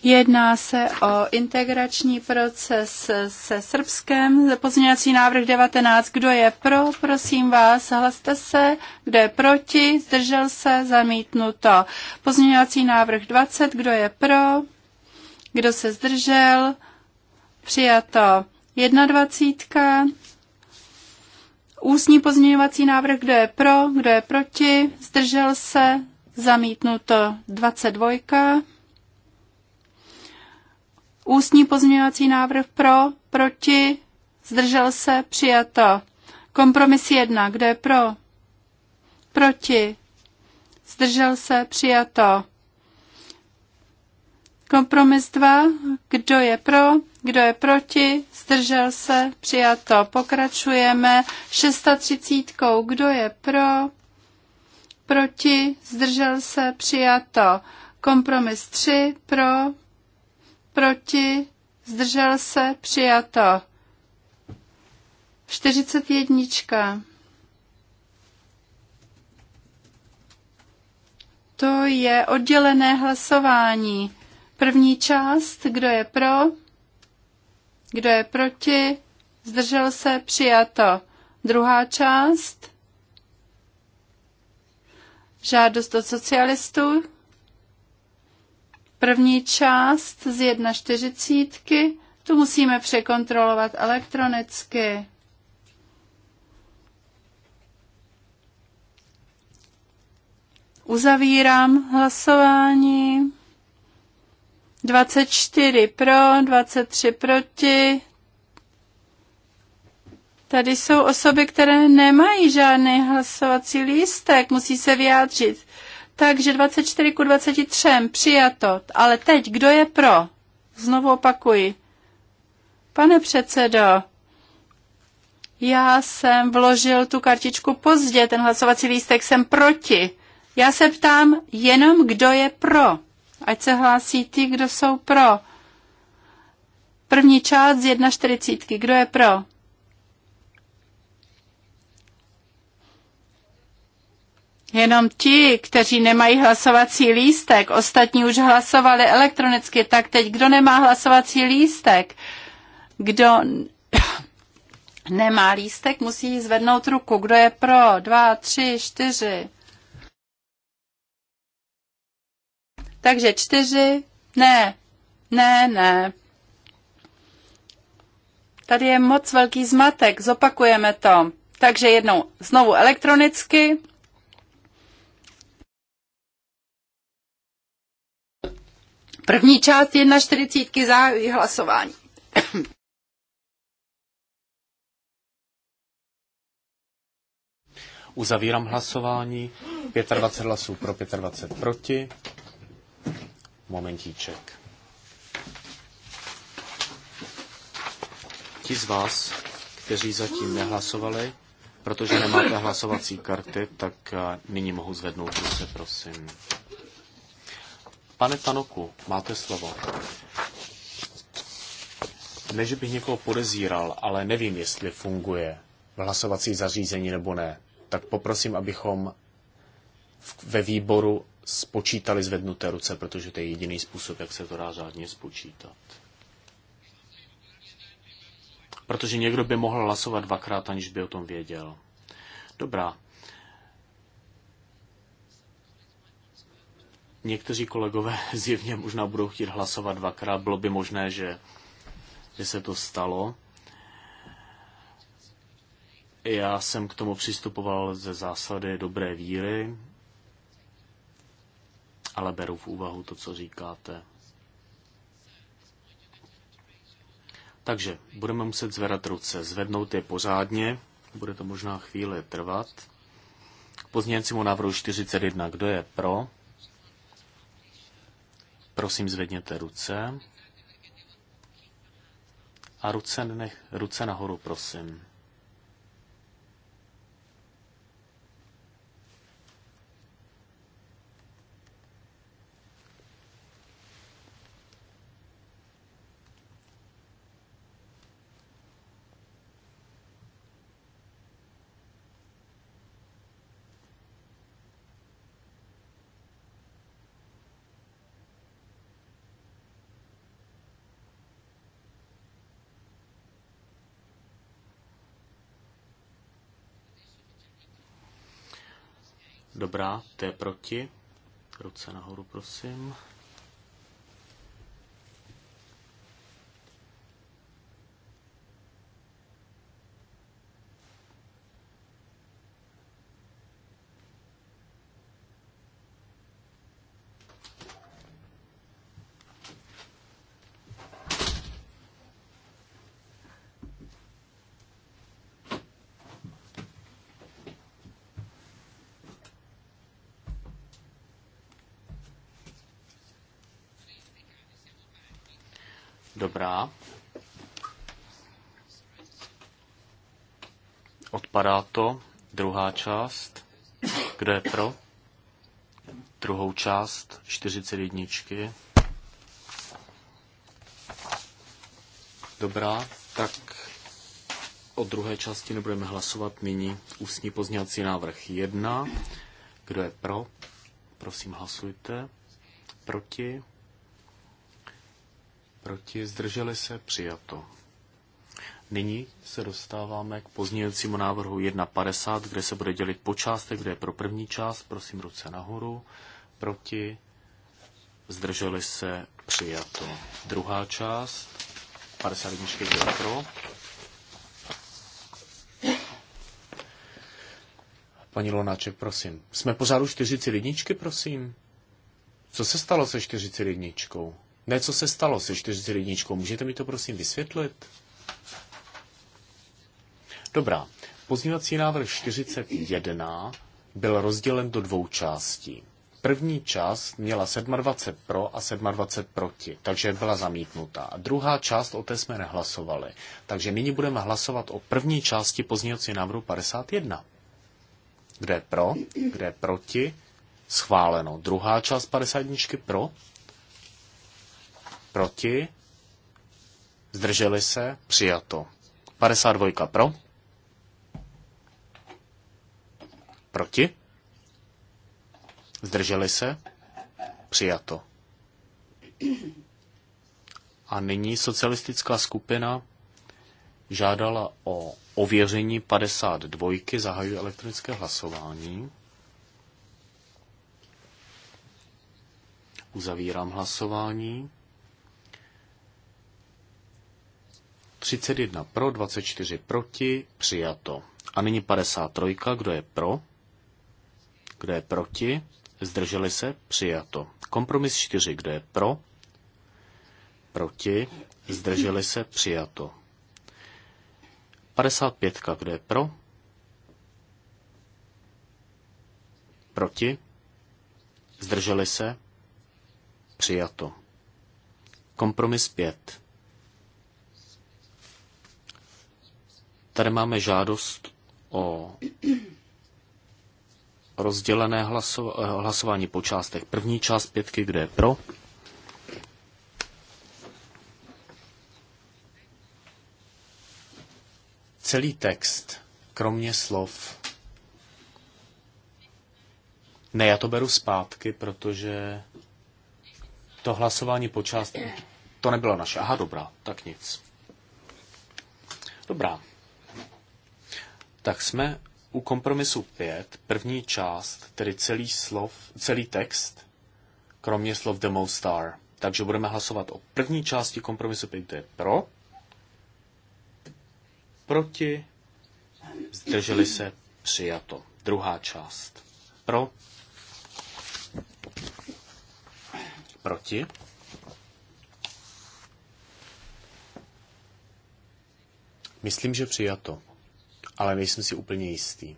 Jedná se o integrační proces se Srbskem. Pozměňovací návrh 19. Kdo je pro, prosím vás, hlaste se. Kdo je proti, zdržel se, zamítnuto. Pozměňovací návrh 20. Kdo je pro, kdo se zdržel, přijato. 21. Ústní pozměňovací návrh, kdo je pro, kdo je proti, zdržel se, zamítnuto 22. Ústní pozměňovací návrh pro, proti, zdržel se, přijato. Kompromis jedna, kde je pro, proti, zdržel se, přijato. Kompromis dva, kdo je pro, kdo je proti, zdržel se, přijato. Pokračujeme 630, kdo je pro, proti, zdržel se, přijato. Kompromis 3, pro, proti, zdržel se, přijato. 41. To je oddělené hlasování. První část, kdo je pro, kdo je proti, zdržel se, přijato. Druhá část, žádost od socialistů, První část z 1,40, tu musíme překontrolovat elektronicky. Uzavírám hlasování. 24 pro, 23 proti. Tady jsou osoby, které nemají žádný hlasovací lístek, musí se vyjádřit. Takže 24 ku 23 přijato. Ale teď, kdo je pro? Znovu opakuji. Pane předsedo, já jsem vložil tu kartičku pozdě, ten hlasovací lístek jsem proti. Já se ptám jenom, kdo je pro. Ať se hlásí ty, kdo jsou pro. První část z 1.40. Kdo je pro? Jenom ti, kteří nemají hlasovací lístek, ostatní už hlasovali elektronicky, tak teď kdo nemá hlasovací lístek, kdo nemá lístek, musí zvednout ruku. Kdo je pro? Dva, tři, čtyři. Takže čtyři, ne, ne, ne. Tady je moc velký zmatek, zopakujeme to. Takže jednou znovu elektronicky. První část 1.40 zahájí hlasování. Uzavírám hlasování. 25 hlasů pro, 25 proti. Momentíček. Ti z vás, kteří zatím nehlasovali, protože nemáte hlasovací karty, tak eh, nyní mohu zvednout ruce, prosím. Pane Tanoku, máte slovo. Ne, že bych někoho podezíral, ale nevím, jestli funguje hlasovací zařízení nebo ne. Tak poprosím, abychom ve výboru spočítali zvednuté ruce, protože to je jediný způsob, jak se to dá řádně spočítat. Protože někdo by mohl hlasovat dvakrát, aniž by o tom věděl. Dobrá, Někteří kolegové zjevně možná budou chtít hlasovat dvakrát. Bylo by možné, že, že se to stalo. Já jsem k tomu přistupoval ze zásady dobré víry, ale beru v úvahu to, co říkáte. Takže budeme muset zvedat ruce, zvednout je pořádně, bude to možná chvíli trvat. K pozměňujícímu návrhu 41, kdo je pro? Prosím, zvedněte ruce. A ruce, nech, ruce nahoru, prosím. dobrá, té proti. Ruce nahoru, prosím. Odpadá to. Druhá část. Kdo je pro? Druhou část 41. Dobrá, tak o druhé části nebudeme hlasovat nyní. Ústní pozněvací návrh 1. Kdo je pro? Prosím, hlasujte. Proti? Proti? Zdrželi se? Přijato. Nyní se dostáváme k pozdějícímu návrhu 1.50, kde se bude dělit po částech, kde je pro první část, prosím ruce nahoru, proti, zdrželi se, přijato. Druhá část, 51, kde je pro. Paní Lonáček, prosím. Jsme 40 lidničky, prosím. Co se stalo se lidničkou? Ne, co se stalo se lidničkou? Můžete mi to prosím vysvětlit? Dobrá. Pozměňovací návrh 41 byl rozdělen do dvou částí. První část měla 27 pro a 27 proti, takže byla zamítnutá. A druhá část, o té jsme nehlasovali. Takže nyní budeme hlasovat o první části pozdějící návrhu 51. Kde je pro, kde je proti, schváleno. Druhá část 51 pro, proti, zdrželi se, přijato. 52 pro, Proti? Zdrželi se? Přijato. A nyní socialistická skupina žádala o ověření 52. Zahajuje elektronické hlasování. Uzavírám hlasování. 31 pro, 24 proti, přijato. A nyní 53. Kdo je pro? Kdo je proti? Zdrželi se? Přijato. Kompromis 4. Kdo je pro? Proti? Zdrželi se? Přijato. 55. Kdo je pro? Proti? Zdrželi se? Přijato. Kompromis 5. Tady máme žádost o rozdělené hlaso- eh, hlasování po částech. První část pětky, kde je pro? Celý text, kromě slov. Ne, já to beru zpátky, protože to hlasování po částech, to nebylo naše. Aha, dobrá, tak nic. Dobrá. Tak jsme u kompromisu 5, první část, tedy celý, slov, celý text, kromě slov The Most Star. Takže budeme hlasovat o první části kompromisu 5, to je pro, proti, zdrželi se, přijato. Druhá část, pro, proti, myslím, že přijato ale nejsem si úplně jistý.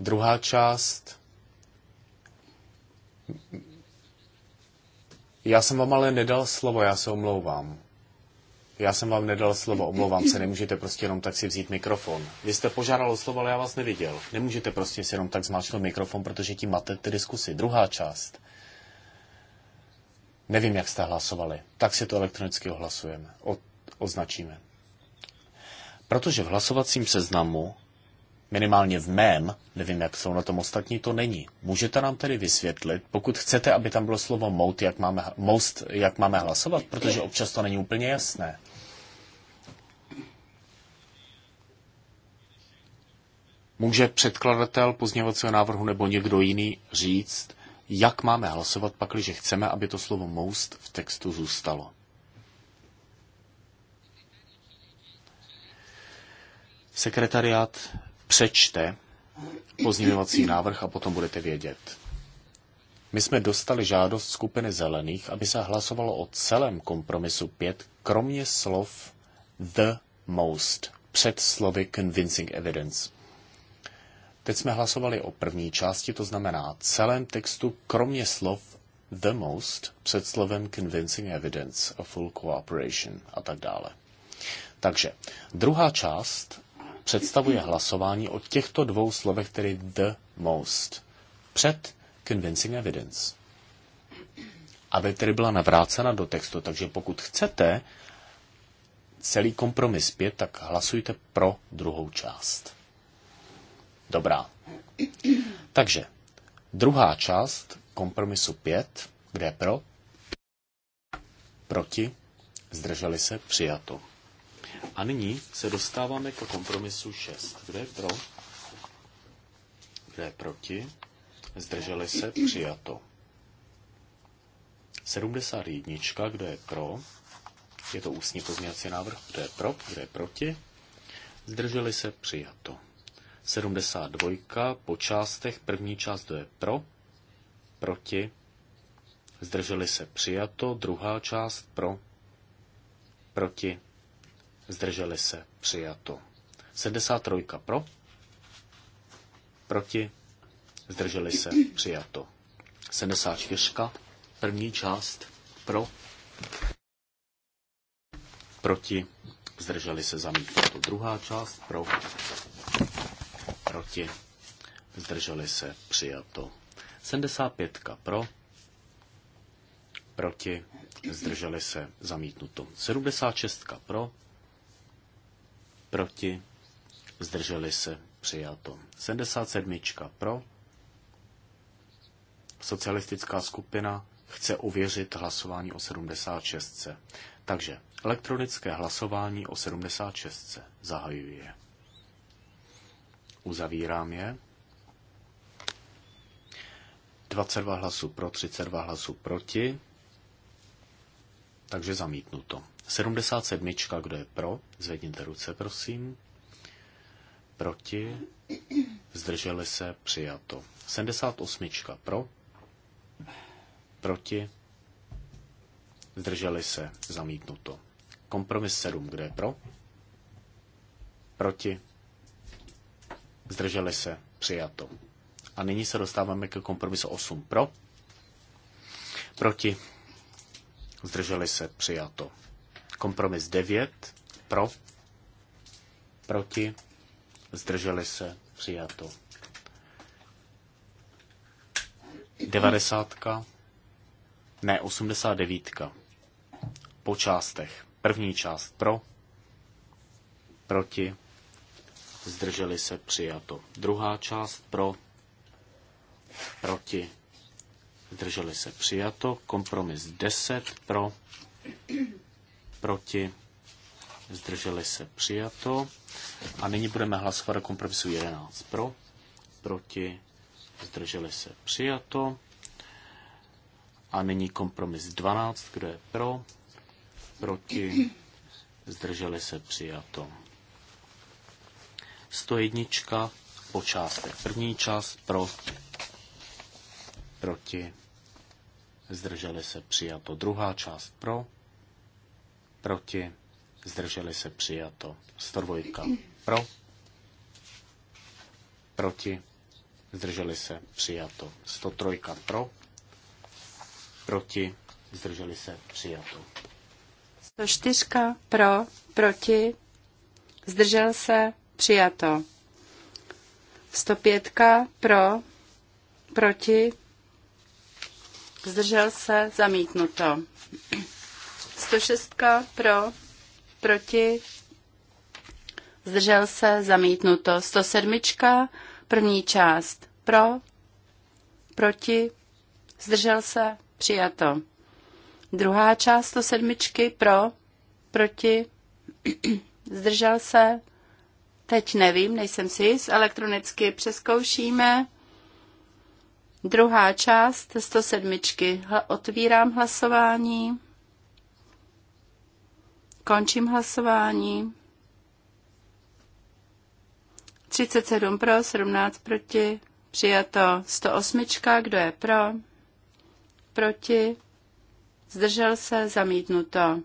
Druhá část. Já jsem vám ale nedal slovo, já se omlouvám. Já jsem vám nedal slovo, omlouvám se, nemůžete prostě jenom tak si vzít mikrofon. Vy jste požádal o slovo, ale já vás neviděl. Nemůžete prostě si jenom tak zmáčknout mikrofon, protože tím ty diskusy. Druhá část. Nevím, jak jste hlasovali. Tak si to elektronicky ohlasujeme. O, označíme. Protože v hlasovacím seznamu, minimálně v mém, nevím, jak jsou na tom ostatní, to není. Můžete nám tedy vysvětlit, pokud chcete, aby tam bylo slovo most, jak máme, most, jak máme hlasovat, protože občas to není úplně jasné. Může předkladatel pozněvacího návrhu nebo někdo jiný říct, jak máme hlasovat, pakliže chceme, aby to slovo most v textu zůstalo. Sekretariát přečte pozměňovací návrh a potom budete vědět. My jsme dostali žádost skupiny zelených, aby se hlasovalo o celém kompromisu 5, kromě slov the most, před slovy convincing evidence. Teď jsme hlasovali o první části, to znamená celém textu, kromě slov the most, před slovem convincing evidence, a full cooperation a tak dále. Takže druhá část představuje hlasování o těchto dvou slovech, tedy the most. Před convincing evidence. Aby tedy byla navrácena do textu, takže pokud chcete celý kompromis pět, tak hlasujte pro druhou část. Dobrá. Takže druhá část kompromisu pět, kde pro, proti, zdrželi se, přijato. A nyní se dostáváme k kompromisu 6. Kdo je pro? Kdo je proti? Zdrželi se? Přijato. 71. Kdo je pro? Je to ústní pozměňovací návrh. Kdo je pro? Kdo je proti? Zdrželi se? Přijato. 72. Po částech. První část, kdo je pro? Proti? Zdrželi se? Přijato. Druhá část pro? Proti? zdrželi se, přijato. 73 pro, proti, zdrželi se, přijato. 74, první část, pro, proti, zdrželi se, zamítnuto. Druhá část, pro, proti, zdrželi se, přijato. 75 pro, proti, zdrželi se, zamítnuto. 76 pro, proti, zdrželi se, přijato. 77. pro, socialistická skupina chce uvěřit hlasování o 76. Takže elektronické hlasování o 76. Zahajuji je. Uzavírám je. 22 hlasů pro, 32 hlasů proti. Takže zamítnuto. 77. Kdo je pro? Zvedněte ruce, prosím. Proti? Zdrželi se? Přijato. 78. Pro? Proti? Zdrželi se? Zamítnuto. Kompromis 7. Kdo je pro? Proti? Zdrželi se? Přijato. A nyní se dostáváme ke kompromisu 8. Pro? Proti? Zdrželi se? Přijato. Kompromis 9 pro, proti, zdrželi se, přijato. 90. Ne, 89. Po částech. První část pro, proti, zdrželi se, přijato. Druhá část pro, proti, zdrželi se, přijato. Kompromis 10 pro, proti, zdrželi se přijato. A nyní budeme hlasovat o kompromisu 11 pro, proti, zdrželi se přijato. A nyní kompromis 12, kdo je pro, proti, zdrželi se přijato. 101 po částech. První část pro, proti, zdrželi se přijato. Druhá část pro, proti, zdrželi se přijato. 102 pro, proti, zdrželi se přijato. 103 pro, proti, zdrželi se přijato. 104 pro, proti, zdržel se přijato. 105 pro, proti, zdržel se zamítnuto. 106 pro, proti, zdržel se, zamítnuto. 107, první část pro, proti, zdržel se, přijato. Druhá část 107 pro, proti, zdržel se, teď nevím, nejsem si jist, elektronicky přeskoušíme. Druhá část 107. Otvírám hlasování. Končím hlasování. 37 pro, 17 proti. Přijato 108. Kdo je pro? Proti. Zdržel se. Zamítnuto.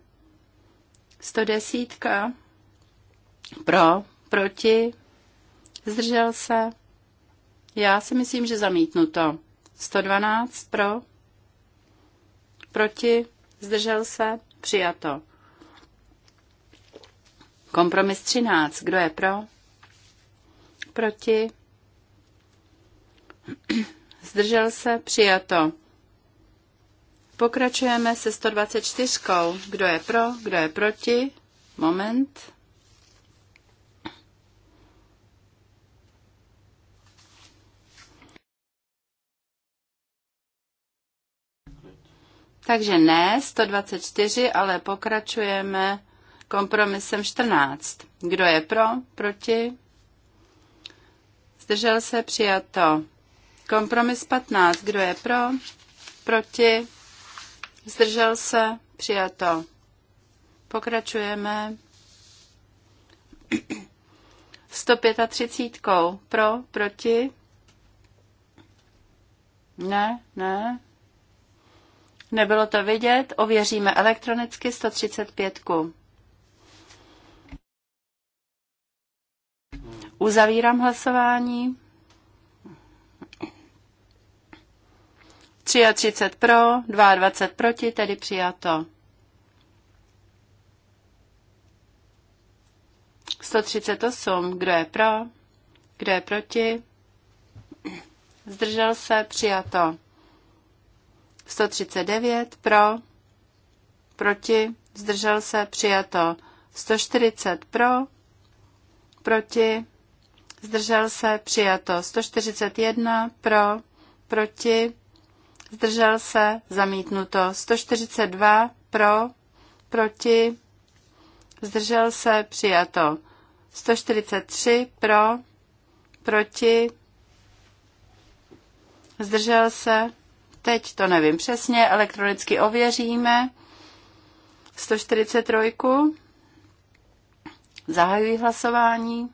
110. Pro. Proti. Zdržel se. Já si myslím, že zamítnuto. 112 pro. Proti. Zdržel se. Přijato. Kompromis 13. Kdo je pro? Proti? Zdržel se? Přijato. Pokračujeme se 124. Kdo je pro? Kdo je proti? Moment. Takže ne 124, ale pokračujeme kompromisem 14. Kdo je pro? Proti? Zdržel se? Přijato. Kompromis 15. Kdo je pro? Proti? Zdržel se? Přijato. Pokračujeme. 135. Pro? Proti? Ne, ne. Nebylo to vidět. Ověříme elektronicky 135. Uzavírám hlasování. 33 pro, 22 proti, tedy přijato. 138. Kdo je pro? Kdo je proti? Zdržel se? Přijato. 139. Pro? Proti? Zdržel se? Přijato. 140. Pro? Proti? zdržel se, přijato. 141 pro, proti, zdržel se, zamítnuto. 142 pro, proti, zdržel se, přijato. 143 pro, proti, zdržel se, teď to nevím přesně, elektronicky ověříme. 143. Zahajuji hlasování.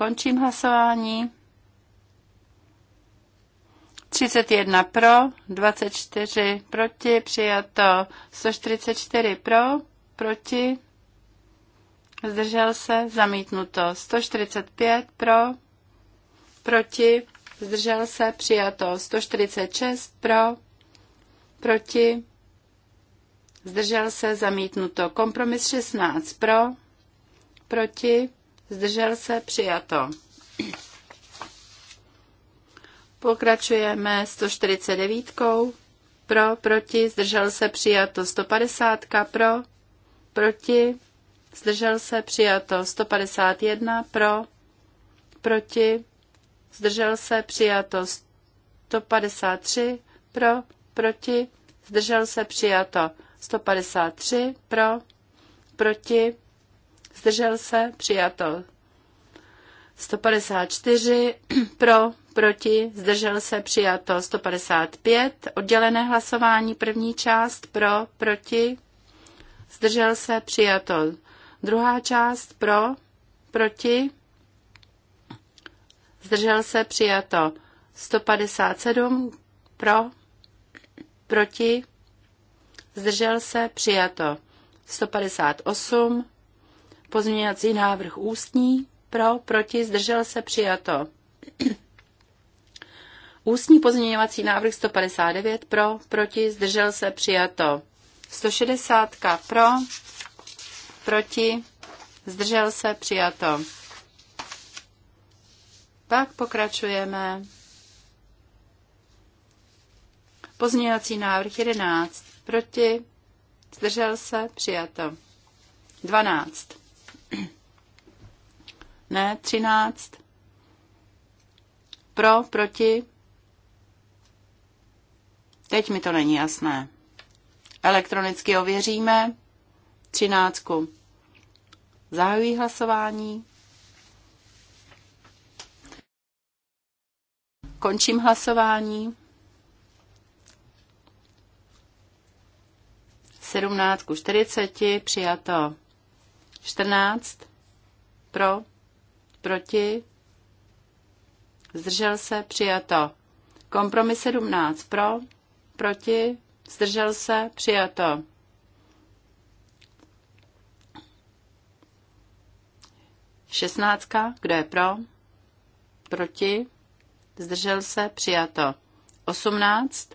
Končím hlasování. 31 pro, 24 proti, přijato 144 pro, proti, zdržel se, zamítnuto 145 pro, proti, zdržel se, přijato 146 pro, proti, zdržel se, zamítnuto kompromis 16 pro, proti, zdržel se, přijato. Pokračujeme 149. Pro, proti, zdržel se, přijato 150. Pro, proti, zdržel se, přijato 151. Pro, proti, zdržel se, přijato 153. Pro, proti, zdržel se, přijato 153. Pro, proti, zdržel se, přijato. 154 pro, proti, zdržel se, přijato. 155 oddělené hlasování, první část pro, proti, zdržel se, přijato. Druhá část pro, proti, zdržel se, přijato. 157 pro, proti, zdržel se, přijato. 158 Pozměňovací návrh ústní, pro, proti, zdržel se, přijato. Ústní pozměňovací návrh 159 pro, proti, zdržel se, přijato. 160 pro, proti, zdržel se, přijato. Pak pokračujeme. Pozměňovací návrh 11 proti, zdržel se, přijato. 12 ne, třináct. Pro, proti. Teď mi to není jasné. Elektronicky ověříme. Třináctku. Zahajují hlasování. Končím hlasování. Sedmnáctku čtyřiceti přijato. Čtrnáct pro proti, zdržel se, přijato. Kompromis 17 pro, proti, zdržel se, přijato. Šestnáctka, kdo je pro, proti, zdržel se, přijato. Osmnáct,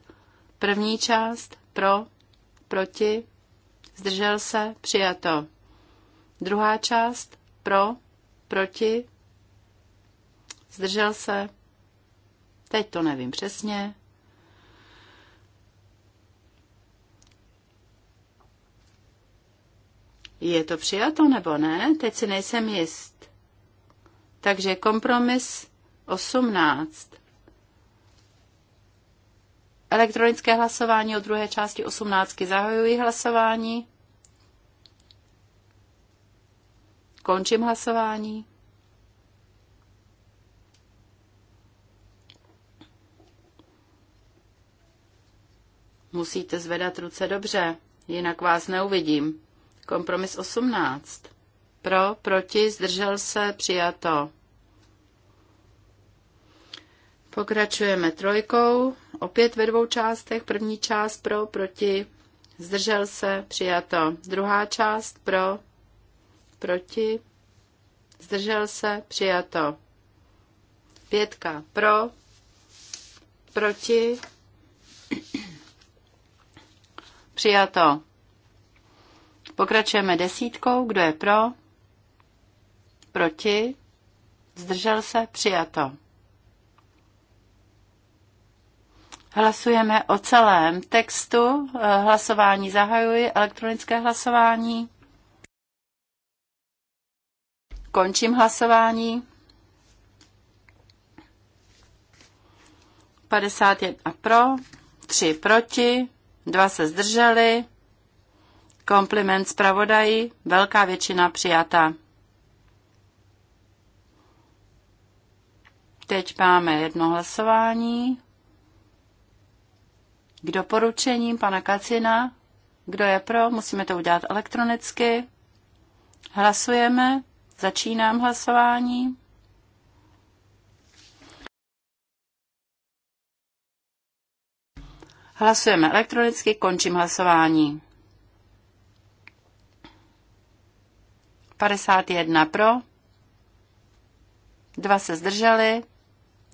první část, pro, proti, zdržel se, přijato. Druhá část, pro, proti, Zdržel se? Teď to nevím přesně. Je to přijato nebo ne? Teď si nejsem jist. Takže kompromis 18. Elektronické hlasování o druhé části 18. Zahajuji hlasování. Končím hlasování. Musíte zvedat ruce dobře, jinak vás neuvidím. Kompromis 18. Pro, proti, zdržel se, přijato. Pokračujeme trojkou, opět ve dvou částech. První část pro, proti, zdržel se, přijato. Druhá část pro, proti, zdržel se, přijato. Pětka pro, proti, Přijato. Pokračujeme desítkou. Kdo je pro? Proti? Zdržel se? Přijato. Hlasujeme o celém textu. Eh, hlasování zahajuji, elektronické hlasování. Končím hlasování. 51 pro, 3 proti, dva se zdrželi, kompliment zpravodaji, velká většina přijata. Teď máme jedno hlasování. K doporučením pana Kacina, kdo je pro, musíme to udělat elektronicky. Hlasujeme, začínám hlasování. Hlasujeme elektronicky, končím hlasování. 51 pro, dva se zdrželi,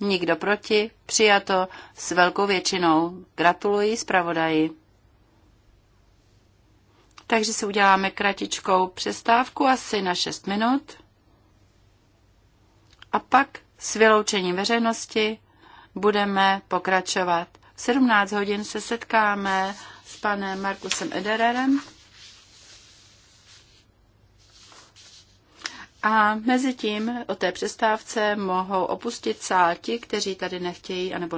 nikdo proti, přijato s velkou většinou. Gratuluji zpravodaji. Takže si uděláme kratičkou přestávku asi na 6 minut a pak s vyloučením veřejnosti budeme pokračovat 17 hodin se setkáme s panem Markusem Edererem. A mezi tím o té přestávce mohou opustit sál ti, kteří tady nechtějí anebo